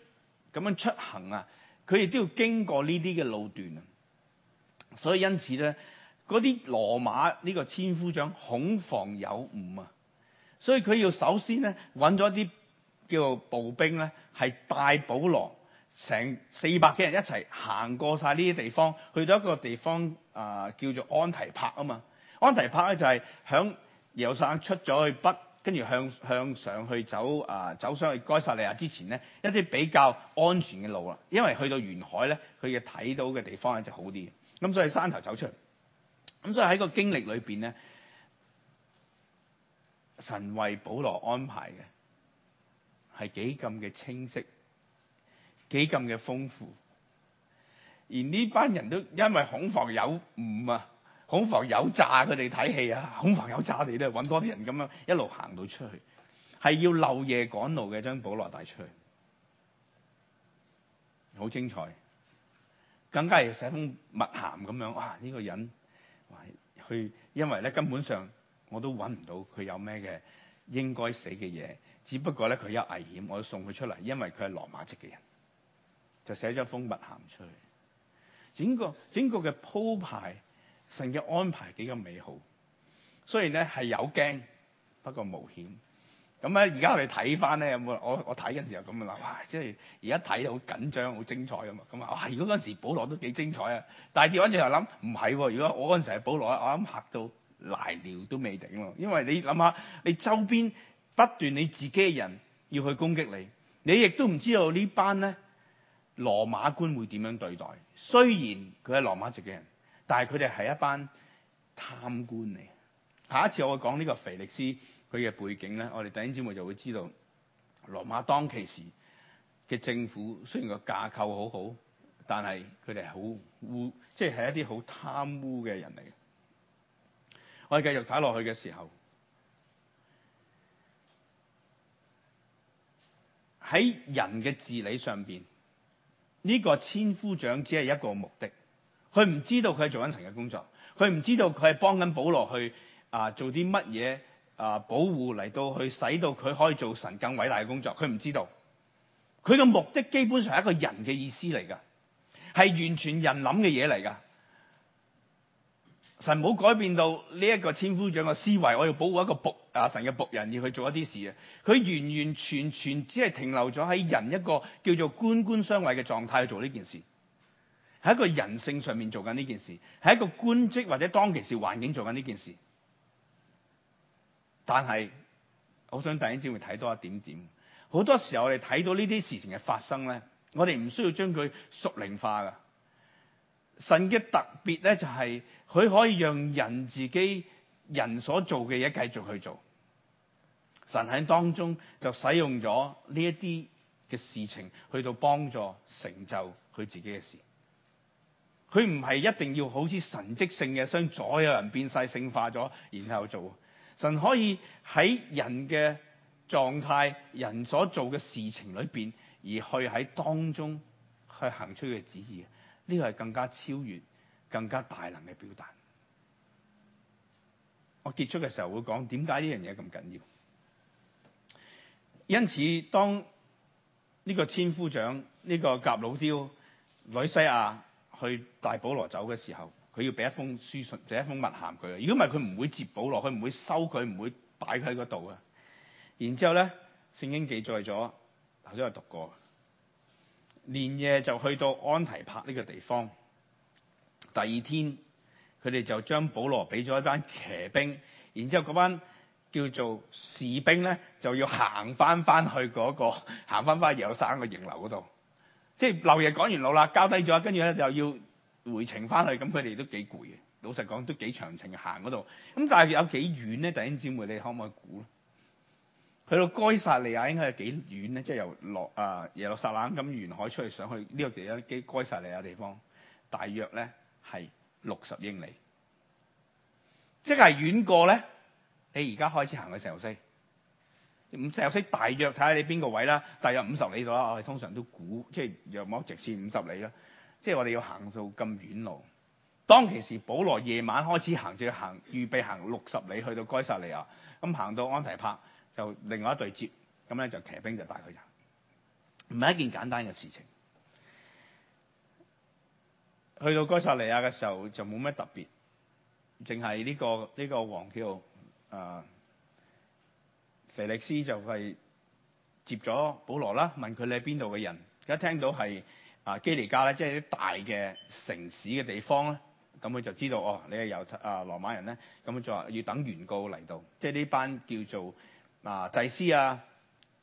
樣出行啊，佢亦都要經過呢啲嘅路段啊。所以因此咧，啲羅馬呢個千夫長恐防有誤啊。所以佢要首先咧揾咗啲叫做步兵咧，係帶保羅成四百幾人一齊行過晒呢啲地方，去到一個地方啊、呃、叫做安提帕啊嘛。安提帕咧就係響由省出咗去北，跟住向向上去走啊、呃，走上去該撒利亞之前咧一啲比較安全嘅路啦。因為去到沿海咧，佢嘅睇到嘅地方咧就好啲。咁所以山頭走出嚟，咁所以喺個經歷裏邊咧。神為保羅安排嘅係幾咁嘅清晰，幾咁嘅豐富，而呢班人都因為恐防有誤啊，恐防有詐，佢哋睇戲啊，恐防有詐，佢哋都係揾多啲人咁樣一路行到出去，係要漏夜趕路嘅將保羅帶出去，好精彩，更加係寫封密函咁樣，哇，呢個人，去因為咧根本上。我都揾唔到佢有咩嘅應該死嘅嘢，只不過咧佢有危險，我送佢出嚟，因為佢係羅馬籍嘅人，就寫咗封密函出去。整個整個嘅鋪排，神嘅安排幾咁美好。雖然咧係有驚，不過冒險。咁咧而家我哋睇翻咧有冇我我睇嗰陣時候咁樣諗，即係而家睇到好緊張，好精彩啊嘛。咁啊，哇！如果嗰陣時保羅都幾精彩啊。但係調翻轉頭諗，唔係。如果我嗰陣時係保羅，我諗吓到。瀨尿都未定，因為你諗下，你周邊不斷你自己嘅人要去攻擊你，你亦都唔知道呢班咧羅馬官會點樣對待。雖然佢係羅馬籍嘅人，但係佢哋係一班貪官嚟。下一次我會講呢個腓力斯佢嘅背景咧，我哋第日節會就會知道羅馬當其時嘅政府雖然個架構好好，但係佢哋係好污，即係係一啲好貪污嘅人嚟。我哋繼續睇落去嘅時候，喺人嘅治理上邊，呢個千夫長只係一個目的。佢唔知道佢係做緊神嘅工作，佢唔知道佢係幫緊保羅去啊做啲乜嘢啊保護嚟到去使到佢可以做神更偉大嘅工作。佢唔知道，佢嘅目的基本上係一個人嘅意思嚟噶，係完全人諗嘅嘢嚟噶。神冇改變到呢一個千夫長嘅思維，我要保護一個僕啊神嘅僕人要去做一啲事啊！佢完完全全只係停留咗喺人一個叫做官官相位嘅狀態去做呢件事，喺一個人性上面做緊呢件事，喺一個官職或者當其時環境做緊呢件事。但係，我想第二節會睇多一點點。好多時候我哋睇到呢啲事情嘅發生咧，我哋唔需要將佢屬靈化噶。神嘅特別咧、就是，就係佢可以讓人自己人所做嘅嘢繼續去做。神喺當中就使用咗呢一啲嘅事情，去到幫助成就佢自己嘅事。佢唔係一定要好似神蹟性嘅，將所有人變晒性化咗然後做。神可以喺人嘅狀態、人所做嘅事情裏邊，而去喺當中去行出佢旨意。呢個係更加超越，更加大能嘅表達。我結束嘅時候會講點解呢樣嘢咁緊要。因此，當呢個千夫長、呢、這個革老丟、呂西亞去帶保羅走嘅時候，佢要俾一封書信、俾一封密函佢。如果唔係，佢唔會接保羅，佢唔會收佢，唔會擺佢喺度啊。然之後咧，聖經記載咗，頭先我讀過。連夜就去到安提帕呢個地方，第二天佢哋就將保羅俾咗一班騎兵，然之後班叫做士兵咧，就要行翻翻去，嗰個行翻翻有山個營樓度，即係漏夜趕完路啦，交低咗，跟住咧就要回程翻去，咁佢哋都幾攰嘅，老實講都幾長程行度，咁但係有幾遠咧？弟兄姊妹，你可唔可以估？去到該撒利亞應該係幾遠咧？即、就、係、是、由落啊耶路撒冷咁沿海出去上去呢個地方，即係該撒利亞地方，大約咧係六十英里，即係遠過咧。你而家開始行嘅時候，西，五石油西大約睇下你邊個位啦，大約五十里度啦。我哋通常都估即係若望直線五十里啦，即係我哋要行到咁遠路。當其時，保羅夜晚開始行就要行，預備行六十里去到該撒利亞，咁行到安提帕。就另外一對接咁咧，就騎兵就帶佢走，唔係一件簡單嘅事情。去到哥薩利亞嘅時候就冇咩特別，淨係呢個呢、呢個王叫啊腓力斯，就係接咗保羅啦，問佢你係邊度嘅人？一聽聽到係啊基尼加咧，即係啲大嘅城市嘅地方咧，咁、嗯、佢就知道哦，你係由啊羅馬人咧，咁佢就話要等原告嚟到，即係呢班叫做。啊！祭司啊、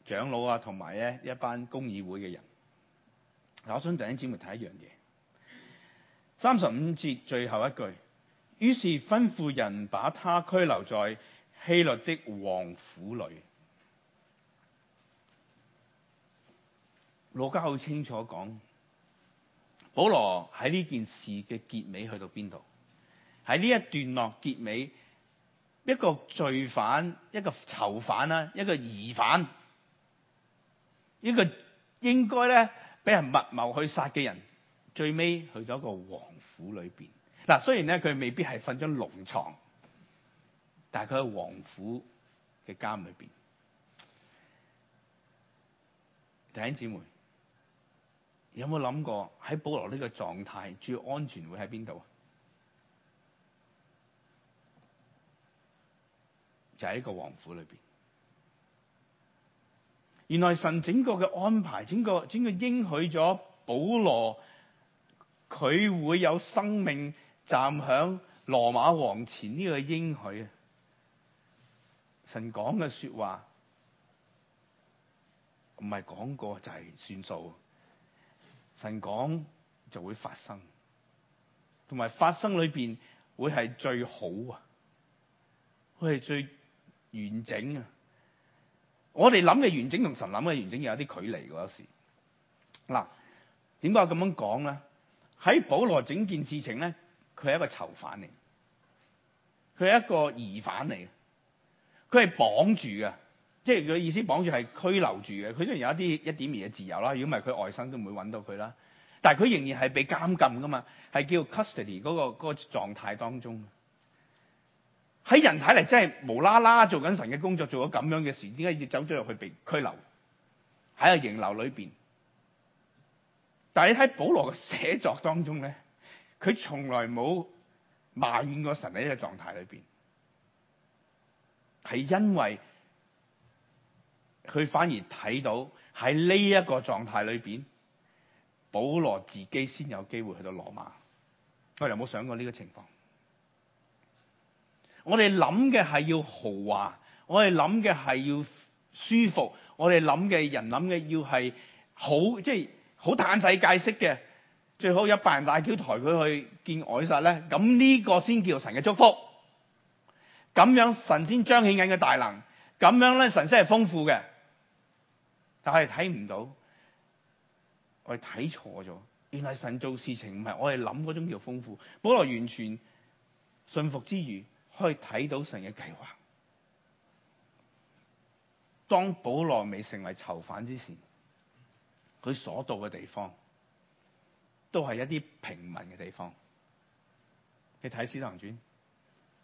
長老啊，同埋咧一班公議會嘅人，我想陣間專門睇一樣嘢。三十五節最後一句，於是吩咐人把他拘留在希律的王府裏。路加好清楚講，保羅喺呢件事嘅結尾去到邊度？喺呢一段落結尾。一個罪犯、一個囚犯啦、一個疑犯，一個應該咧俾人密謀去殺嘅人，最尾去咗個王府裏邊。嗱，雖然咧佢未必係瞓咗龍床，但係佢係王府嘅監裏邊。弟兄姊妹，有冇諗過喺保羅呢個狀態，主要安全會喺邊度啊？就喺一個王府裏邊，原來神整個嘅安排，整個整個應許咗保羅，佢會有生命站響羅馬王前呢個應許啊！神講嘅說話唔係講過就係算數，神講就會發生，同埋發生裏邊會係最好啊，會係最。完整啊！我哋諗嘅完整同神諗嘅完整又有啲距離喎，時嗱，點解我咁樣講咧？喺保羅整件事情咧，佢係一個囚犯嚟，佢係一個疑犯嚟，佢係綁住嘅，即係佢意思綁住係拘留住嘅。佢雖然有一啲一點二嘅自由啦，如果唔係佢外甥都唔會揾到佢啦。但係佢仍然係被監禁噶嘛，係叫 custody 嗰個嗰個狀態當中。喺人睇嚟，真係無啦啦做緊神嘅工作，做咗咁樣嘅事，點解要走咗入去被拘留喺個營樓裏邊？但係你睇保羅嘅寫作當中咧，佢從來冇埋怨過神喺呢個狀態裏邊，係因為佢反而睇到喺呢一個狀態裏邊，保羅自己先有機會去到羅馬。我哋有冇想過呢個情況？我哋諗嘅係要豪華，我哋諗嘅係要舒服，我哋諗嘅人諗嘅要係好，即係好嘆世界式嘅，最好有百人大轎抬佢去見凱撒咧。咁呢個先叫神嘅祝福，咁樣神先彰顯緊嘅大能，咁樣咧神先係豐富嘅。但係睇唔到，我哋睇錯咗，原來神做事情唔係我哋諗嗰種叫豐富。保羅完全信服之餘，可以睇到神嘅計劃。當保羅未成為囚犯之前，佢所到嘅地方都係一啲平民嘅地方。你睇《使徒行傳》，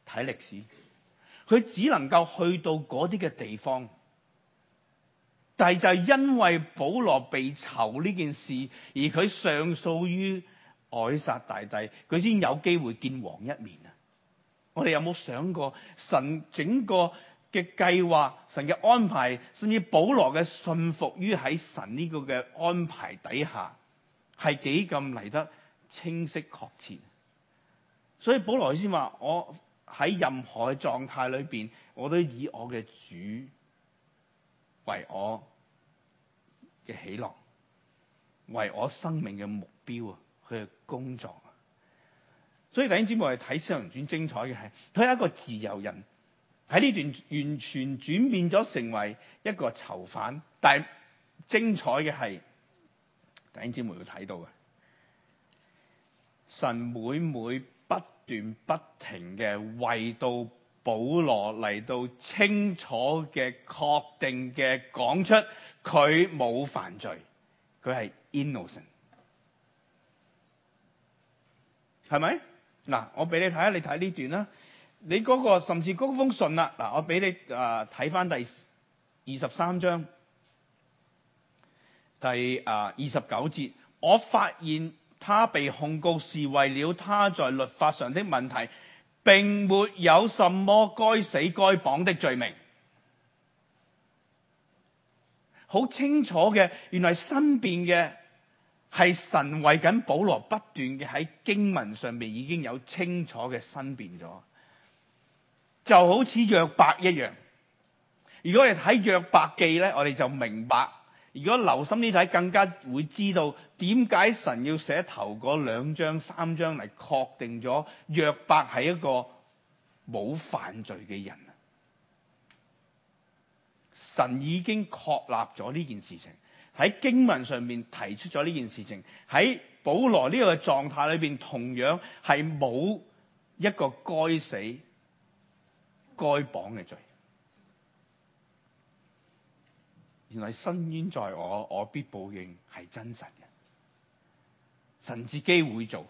睇歷史，佢只能夠去到嗰啲嘅地方。但係就係因為保羅被囚呢件事，而佢上訴於凱撒大帝，佢先有機會見王一面啊！我哋有冇想過神整個嘅計劃、神嘅安排，甚至保羅嘅順服於喺神呢個嘅安排底下，係幾咁嚟得清晰確切？所以保羅先話：我喺任何狀態裏邊，我都以我嘅主為我嘅喜樂，為我生命嘅目標啊，佢嘅工作。所以弟兄姊妹，睇《西遊傳》精彩嘅係，佢係一個自由人喺呢段完全轉變咗成為一個囚犯，但係精彩嘅係，弟兄姊妹會睇到嘅，神每每不斷不停嘅為到保羅嚟到清楚嘅、確定嘅講出佢冇犯罪，佢係 innocent，係咪？嗱、那個，我俾你睇下，你睇呢段啦。你嗰個甚至嗰封信啦，嗱，我俾你啊睇翻第二十三章，第啊二十九節，我發現他被控告是為了他在律法上的問題，並沒有什麼該死該綁的罪名。好清楚嘅，原來身邊嘅。係神為緊保羅不斷嘅，喺經文上邊已經有清楚嘅申辯咗，就好似約伯一樣。如果你睇約伯記咧，我哋就明白。如果留心呢睇，更加會知道點解神要寫頭兩章三章嚟，確定咗約伯係一個冇犯罪嘅人啊！神已經確立咗呢件事情。喺經文上面提出咗呢件事情，喺保羅呢個狀態裏邊，同樣係冇一個該死、該綁嘅罪。原來伸冤在我，我必報應，係真實嘅。神自己會做，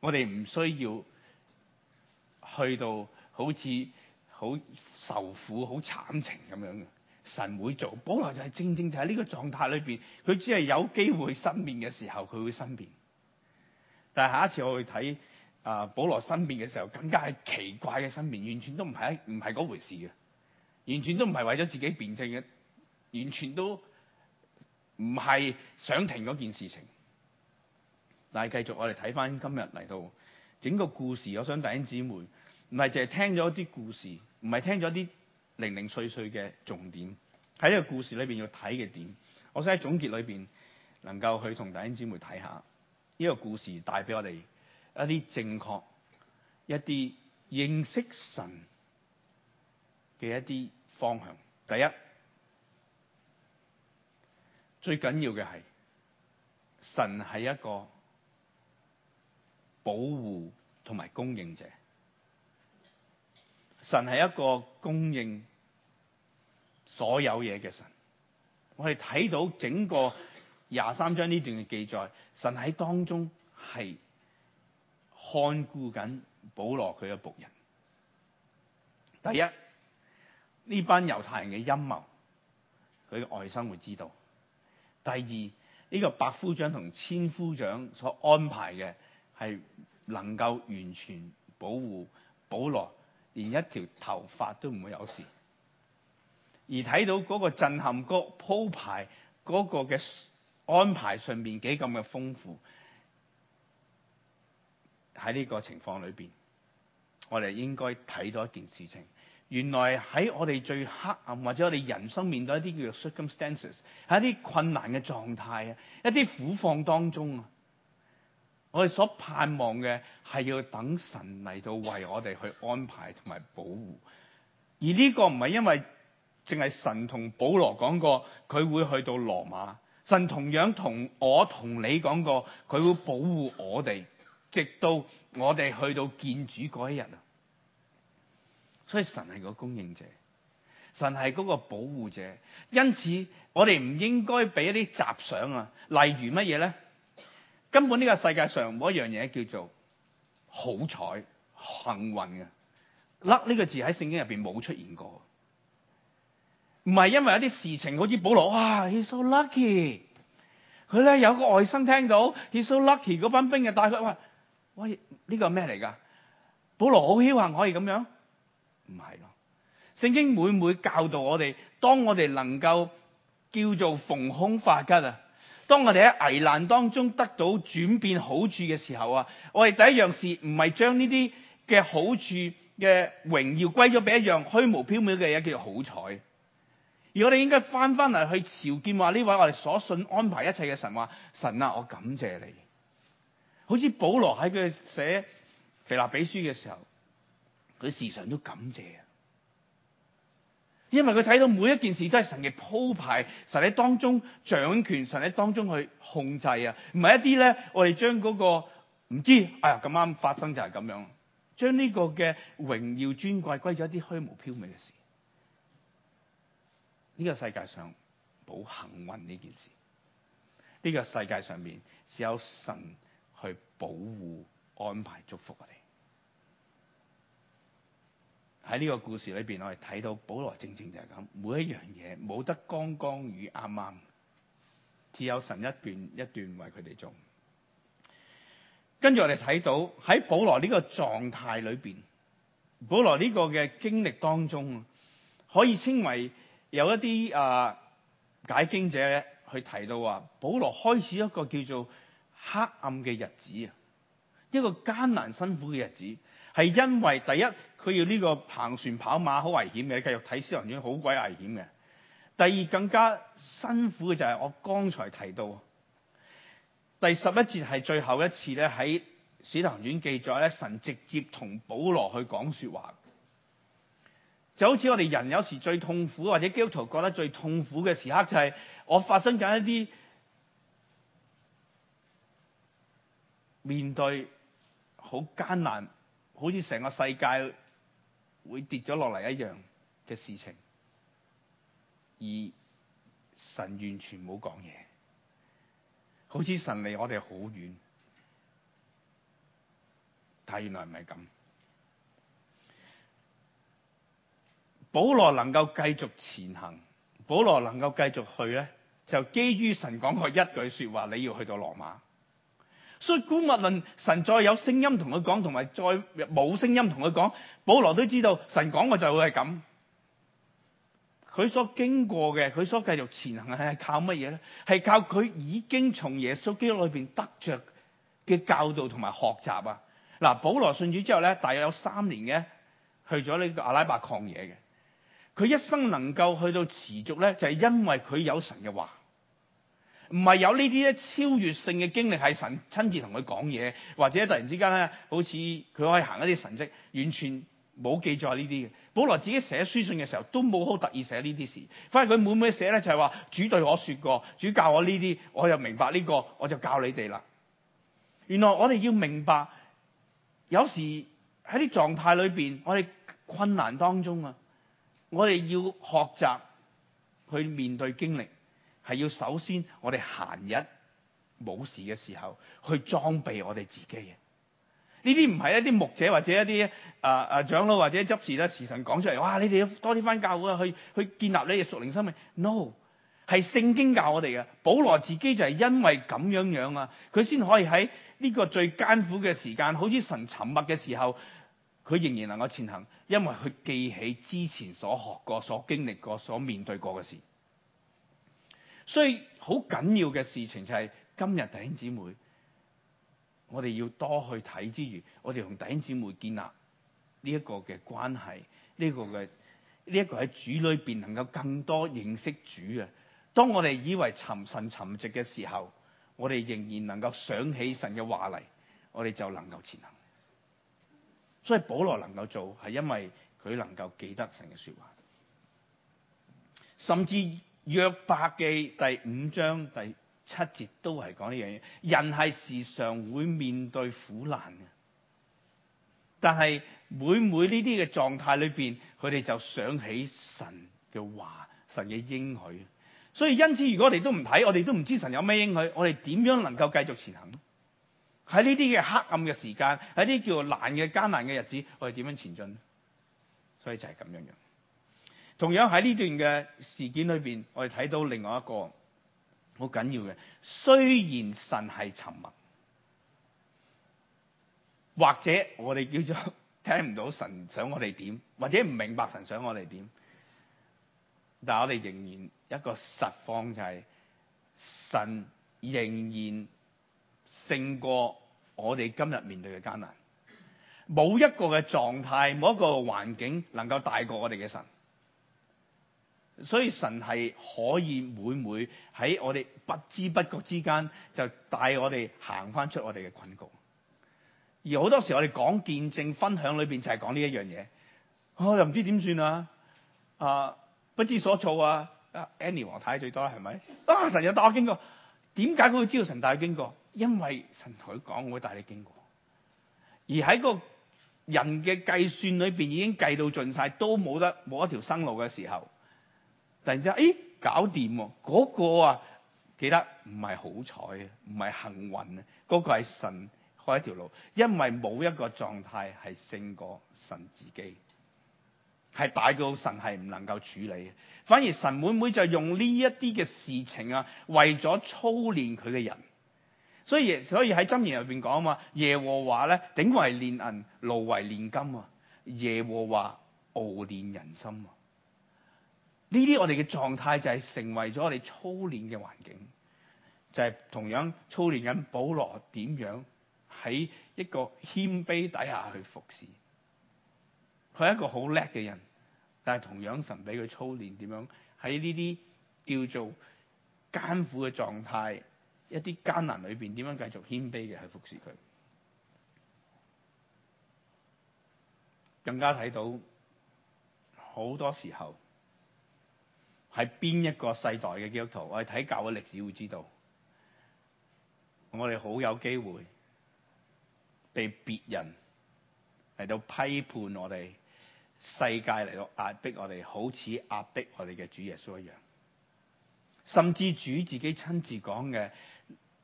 我哋唔需要去到好似好受苦、好慘情咁樣嘅。神會做，保羅就係正正就喺呢個狀態裏邊，佢只係有機會申辯嘅時候，佢會申辯。但係下一次我去睇啊保羅申辯嘅時候，更加係奇怪嘅申辯，完全都唔係唔係嗰回事嘅，完全都唔係為咗自己辯證嘅，完全都唔係想停嗰件事情。但係繼續我哋睇返今日嚟到整個故事，我想弟兄姊妹唔係淨係聽咗啲故事，唔係聽咗啲。零零碎碎嘅重點，喺呢個故事裏邊，要睇嘅點，我想喺總結裏邊能夠去同弟兄姊妹睇下呢個故事帶俾我哋一啲正確一啲認識神嘅一啲方向。第一最緊要嘅係神係一個保護同埋供應者。神係一個供應所有嘢嘅神，我哋睇到整個廿三章呢段嘅記載，神喺當中係看顧緊保羅佢嘅僕人。第一，呢班猶太人嘅陰謀，佢嘅外甥會知道；第二，呢、這個百夫長同千夫長所安排嘅係能夠完全保護保羅。連一條頭髮都唔會有事，而睇到嗰個震撼、嗰鋪排、嗰個嘅安排上面幾咁嘅豐富，喺呢個情況裏邊，我哋應該睇到一件事情：原來喺我哋最黑暗或者我哋人生面對一啲叫做 circumstances，喺一啲困難嘅狀態啊，一啲苦況當中啊。我哋所盼望嘅係要等神嚟到為我哋去安排同埋保護，而呢個唔係因為淨係神同保羅講過佢會去到羅馬，神同樣同我同你講過佢會保護我哋，直到我哋去到見主嗰一日啊！所以神係個供應者，神係嗰個保護者，因此我哋唔應該俾一啲雜想啊，例如乜嘢呢？根本呢個世界上冇一樣嘢叫做好彩幸運啊，luck 呢個字喺聖經入邊冇出現過，唔係因為有啲事情好似保羅哇、啊、he so lucky，佢咧有個外甥聽到 he so lucky 嗰班兵嘅帶佢話喂呢、呢個係咩嚟噶？保羅好僥倖可以咁樣？唔係咯，聖經每每，每教導我哋，當我哋能夠叫做逢凶化吉啊。當我哋喺危難當中得到轉變好處嘅時候啊，我哋第一樣事唔係將呢啲嘅好處嘅榮耀歸咗俾一樣虛無縹緲嘅嘢叫好彩，而我哋應該翻翻嚟去朝見話呢位我哋所信安排一切嘅神，話神啊，我感謝你。好似保羅喺佢寫腓立比書嘅時候，佢時常都感謝啊。因為佢睇到每一件事都係神嘅鋪排，神喺當中掌權，神喺當中去控制啊，唔係一啲咧，我哋將、嗰個唔知，哎呀咁啱發生就係咁樣，將呢個嘅榮耀尊貴歸咗一啲虛無縹緲嘅事。呢、呢個世界上冇幸運呢件事，呢、呢個世界上面只有神去保護、安排、祝福我哋。喺呢個故事裏邊，我哋睇到保羅正正就係咁，每一樣嘢冇得剛剛與啱啱，只有神一段一段為佢哋做。跟住我哋睇到喺保羅呢個狀態裏邊，保羅呢個嘅經歷當中，可以稱為有一啲啊、呃、解經者去提到話，保羅開始一個叫做黑暗嘅日子，一個艱難辛苦嘅日子，係因為第一。佢要呢個行船跑馬好危險嘅，繼續睇《使徒行傳》好鬼危險嘅。第二更加辛苦嘅就係我剛才提到第十一節係最後一次咧，喺《使徒行傳》記載咧，神直接同保羅去講說話，就好似我哋人有時最痛苦，或者基督徒覺得最痛苦嘅時刻，就係我發生緊一啲面對好艱難，好似成個世界，會跌咗落嚟一樣嘅事情，而神完全冇講嘢，好似神離我哋好遠，但係原來唔係咁。保羅能夠繼續前行，保羅能夠繼續去咧，就基於神講過一句說話，你要去到羅馬。所以姑勿論，神再有聲音同佢講，同埋再冇聲音同佢講，保羅都知道神講嘅就會係咁。佢所經過嘅，佢所繼續前行係靠乜嘢咧？係靠佢已經從耶穌基督裏邊得着嘅教導同埋學習啊！嗱，保羅信主之後咧，大約有三年嘅去咗呢個阿拉伯曠野嘅，佢一生能夠去到持續咧，就係、是、因為佢有神嘅話。唔係有呢啲咧超越性嘅經歷，係神親自同佢講嘢，或者突然之間咧，好似佢可以行一啲神蹟，完全冇記載呢啲嘅。保羅自己寫書信嘅時候，都冇好特意寫呢啲事。反而佢每每寫咧，就係話主對我說過，主教我呢啲，我又明白呢個，我就教你哋啦。原來我哋要明白，有時喺啲狀態裏邊，我哋困難當中啊，我哋要學習去面對經歷。係要首先，我哋閒日冇事嘅時候，去裝備我哋自己。呢啲唔係一啲牧者或者一啲誒誒長老或者執事啦時神講出嚟，哇！你哋要多啲返教會啊去去建立你嘅屬靈生命。No，係聖經教我哋嘅。保羅自己就係因為咁樣樣啊，佢先可以喺呢個最艱苦嘅時間，好似神沉默嘅時候，佢仍然能夠前行，因為佢記起之前所學過、所經歷過、所面對過嘅事。所以好緊要嘅事情就係、是，今日弟兄姊妹，我哋要多去睇之餘，我哋同弟兄姊妹建立呢一個嘅關係，呢、這個嘅呢一個喺主裏邊能夠更多認識主啊！當我哋以為沉神沉寂嘅時候，我哋仍然能夠想起神嘅話嚟，我哋就能夠前行。所以保羅能夠做，係因為佢能夠記得神嘅說話，甚至。約伯記第五章第七節都係講呢樣嘢，人係時常會面對苦難嘅，但係每每呢啲嘅狀態裏邊，佢哋就想起神嘅話，神嘅應許。所以因此，如果我哋都唔睇，我哋都唔知神有咩應許，我哋點樣能夠繼續前行？喺呢啲嘅黑暗嘅時間，喺啲叫做難嘅艱難嘅日子，我哋點樣前進？所以就係咁樣樣。同樣喺呢段嘅事件裏邊，我哋睇到另外一個好緊要嘅。雖然神係沉默，或者我哋叫做聽唔到神想我哋點，或者唔明白神想我哋點，但係我哋仍然一個實況就係神仍然勝過我哋今日面對嘅艱難。冇一個嘅狀態，冇一個環境能夠大過我哋嘅神。所以神係可以每每喺我哋不知不覺之間就帶我哋行翻出我哋嘅困局，而好多時我哋講見證分享裏邊就係講呢一樣嘢，我、啊、又唔知點算啊，啊不知所措啊，啊 Annie 王太最多啦係咪？啊神又帶我經過，點解佢會知道神帶佢經過？因為神同佢講我會帶你經過，而喺個人嘅計算裏邊已經計到盡晒，都冇得冇一條生路嘅時候。突然之間，誒、哎，搞掂喎！嗰個啊，記得唔係好彩，啊，唔係幸運啊！嗰、嗰個係神開一條路，因為冇一個狀態係勝過神自己，係大到神係唔能夠處理。反而神每每就用呢一啲嘅事情啊，為咗操練佢嘅人。所以，所以喺箴言入邊講啊嘛，耶和華咧鼎為煉銀，爐為煉金啊！耶和華熬煉人心啊！呢啲我哋嘅狀態就係成為咗我哋操練嘅環境，就係同樣操練緊保羅點樣喺一個謙卑底下去服侍。佢係一個好叻嘅人，但係同樣神俾佢操練點樣喺呢啲叫做艱苦嘅狀態、一啲艱難裏邊，點樣繼續謙卑嘅去服侍佢。更加睇到好多時候。喺邊一個世代嘅基督徒，我哋睇教嘅歷史會知道，我哋好有機會被別人嚟到批判我哋，世界嚟到壓迫我哋，好似壓迫我哋嘅主耶穌一樣。甚至主自己親自講嘅，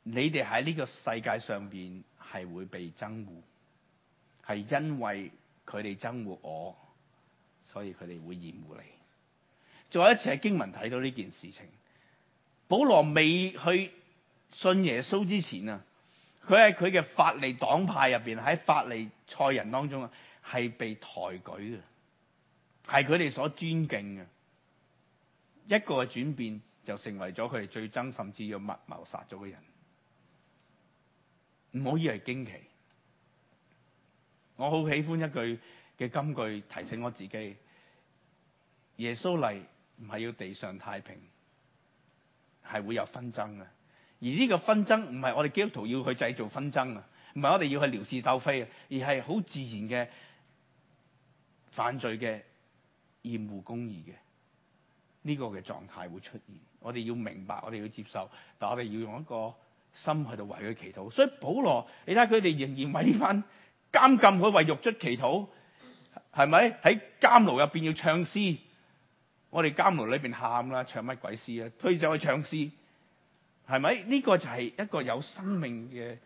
你哋喺呢個世界上邊係會被憎惡，係因為佢哋憎惡我，所以佢哋會厭惡你。再一次喺經文睇到呢件事情，保羅未去信耶穌之前啊，佢喺佢嘅法利黨派入邊喺法利賽人當中啊，係被抬舉嘅，係佢哋所尊敬嘅。一個嘅轉變就成為咗佢哋最憎甚至要密謀殺咗嘅人，唔好以為驚奇。我好喜歡一句嘅金句提醒我自己：耶穌嚟。唔係要地上太平，係會有紛爭嘅。而呢個紛爭唔係我哋基督徒要去製造紛爭啊，唔係我哋要去撩事鬥非啊，而係好自然嘅犯罪嘅厭惡公義嘅呢個嘅狀態會出現。我哋要明白，我哋要接受，但我哋要用一個心去度為佢祈禱。所以保羅，你睇下佢哋仍然為呢番監禁佢為獄卒祈禱，係咪喺監牢入邊要唱詩？我哋監牢裏邊喊啦，唱乜鬼詩啊？推上去唱詩，係咪？呢個就係一個有生命嘅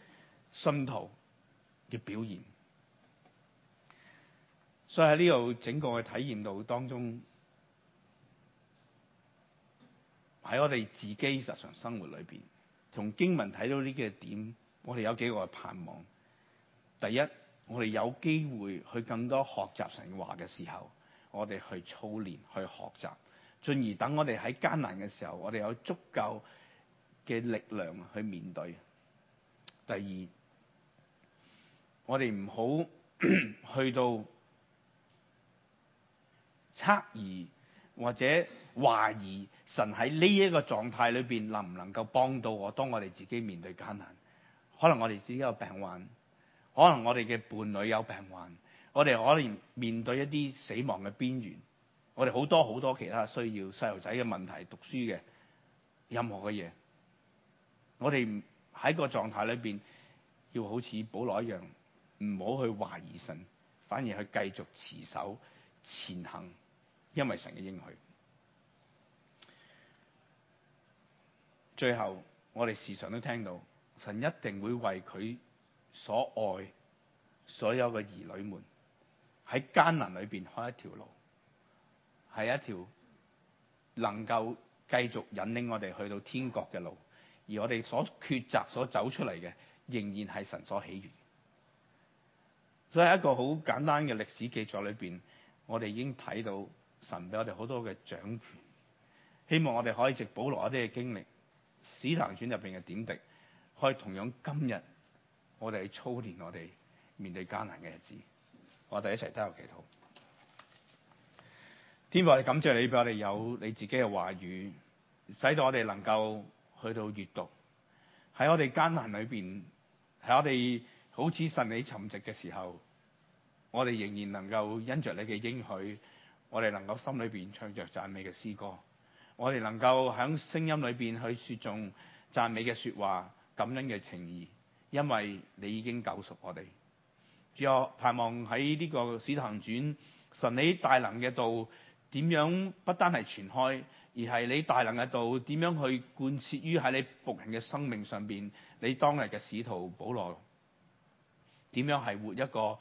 信徒嘅表現。所以喺呢度整個嘅體驗度當中，喺我哋自己日常生活裏邊，從經文睇到呢嘅點，我哋有幾個嘅盼望。第一，我哋有機會去更多學習神話嘅時候。我哋去操練，去學習，進而等我哋喺艱難嘅時候，我哋有足夠嘅力量去面對。第二，我哋唔好去到猜疑或者懷疑神喺呢一個狀態裏邊能唔能夠幫到我。當我哋自己面對艱難，可能我哋自己有病患，可能我哋嘅伴侶有病患。我哋可能面對一啲死亡嘅邊緣，我哋好多好多其他需要，細路仔嘅問題、讀書嘅，任何嘅嘢，我哋喺個狀態裏邊，要好似保羅一樣，唔好去懷疑神，反而去繼續持守前行，因為神嘅應許。最後，我哋時常都聽到，神一定會為佢所愛所有嘅兒女們。喺艱難裏邊開一條路，係一條能夠繼續引領我哋去到天國嘅路。而我哋所抉擇、所走出嚟嘅，仍然係神所喜悅。所以一個好簡單嘅歷史記載裏邊，我哋已經睇到神俾我哋好多嘅掌權。希望我哋可以藉保羅一啲嘅經歷、使徒傳入邊嘅點滴，可以同樣今日我哋去操練我哋面對艱難嘅日子。我哋一齊都有祈禱。天父，我哋感謝你，俾我哋有你自己嘅話語，使到我哋能夠去到閱讀。喺我哋艱難裏邊，喺我哋好似神起沉寂嘅時候，我哋仍然能夠因着你嘅應許，我哋能夠心裏邊唱着讚美嘅詩歌，我哋能夠喺聲音裏邊去說中讚美嘅說話、感恩嘅情誼，因為你已經救贖我哋。主要盼望喺呢個《使徒行傳》，神你大能嘅道點樣不單係傳開，而係你大能嘅道點樣去貫徹於喺你僕人嘅生命上邊？你當日嘅使徒保羅點樣係活一個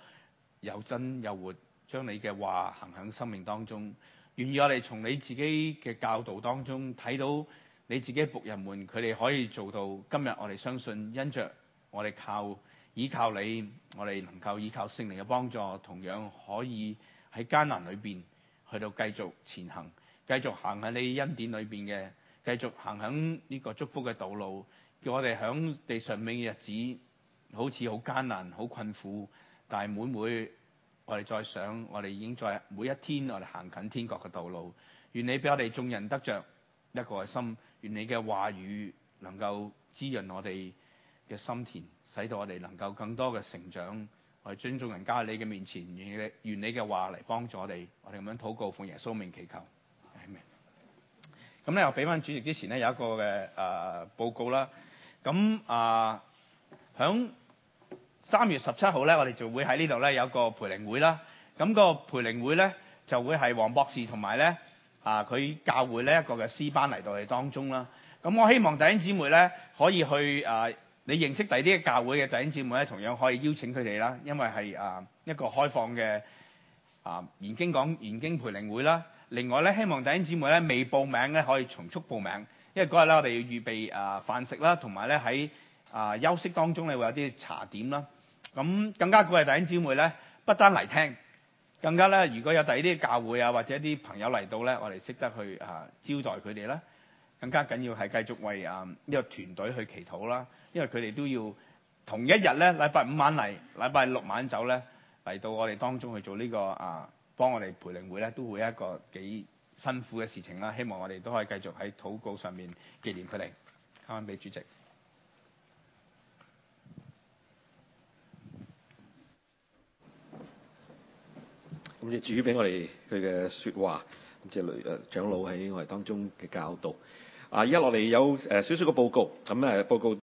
又真又活，將你嘅話行喺生命當中？願意我哋從你自己嘅教導當中睇到你自己僕人們佢哋可以做到今日，我哋相信因着我哋靠。依靠你，我哋能夠依靠聖靈嘅幫助，同樣可以喺艱難裏邊去到繼續前行，繼續行喺你恩典裏邊嘅，繼續行喺呢個祝福嘅道路。叫我哋響地上面嘅日子好似好艱難好困苦，但係每每我哋再想，我哋已經在每一天我哋行緊天國嘅道路。願你俾我哋眾人得着一個嘅心，願你嘅話語能夠滋潤我哋嘅心田。使到我哋能夠更多嘅成長，去尊重人家喺你嘅面前，願嘅願你嘅話嚟幫助我哋，我哋咁樣禱告，奉耶穌名祈求，阿們。咁咧、嗯，我俾翻主席之前咧有一個嘅啊、呃、報告啦。咁啊，響、呃、三月十七號咧，我哋就會喺、那個、呢度咧有個培靈會啦。咁個培靈會咧就會係黃博士同埋咧啊佢教會呢一個嘅詩班嚟到你當中啦。咁我希望弟兄姊妹咧可以去啊。呃你認識第啲嘅教會嘅弟兄姊妹咧，同樣可以邀請佢哋啦，因為係啊一個開放嘅啊研經講研經培靈會啦。另外咧，希望弟兄姊妹咧未報名咧可以從速報名，因為嗰日咧我哋要預備啊飯食啦，同埋咧喺啊休息當中咧會有啲茶點啦。咁更加鼓勵弟兄姊妹咧，不單嚟聽，更加咧如果有第啲嘅教會啊或者啲朋友嚟到咧，我哋識得去啊招待佢哋啦。更加緊要係繼續為啊呢個團隊去祈禱啦，因為佢哋都要同一日咧，禮拜五晚嚟，禮拜六晚走咧，嚟到我哋當中去做呢個啊幫我哋培靈會咧，都會一個幾辛苦嘅事情啦。希望我哋都可以繼續喺禱告上面記念佢哋。交翻俾主席。咁就主俾我哋佢嘅説話，咁即係長老喺我哋當中嘅教導。啊，依家落嚟有誒少少嘅報告，咁誒報告。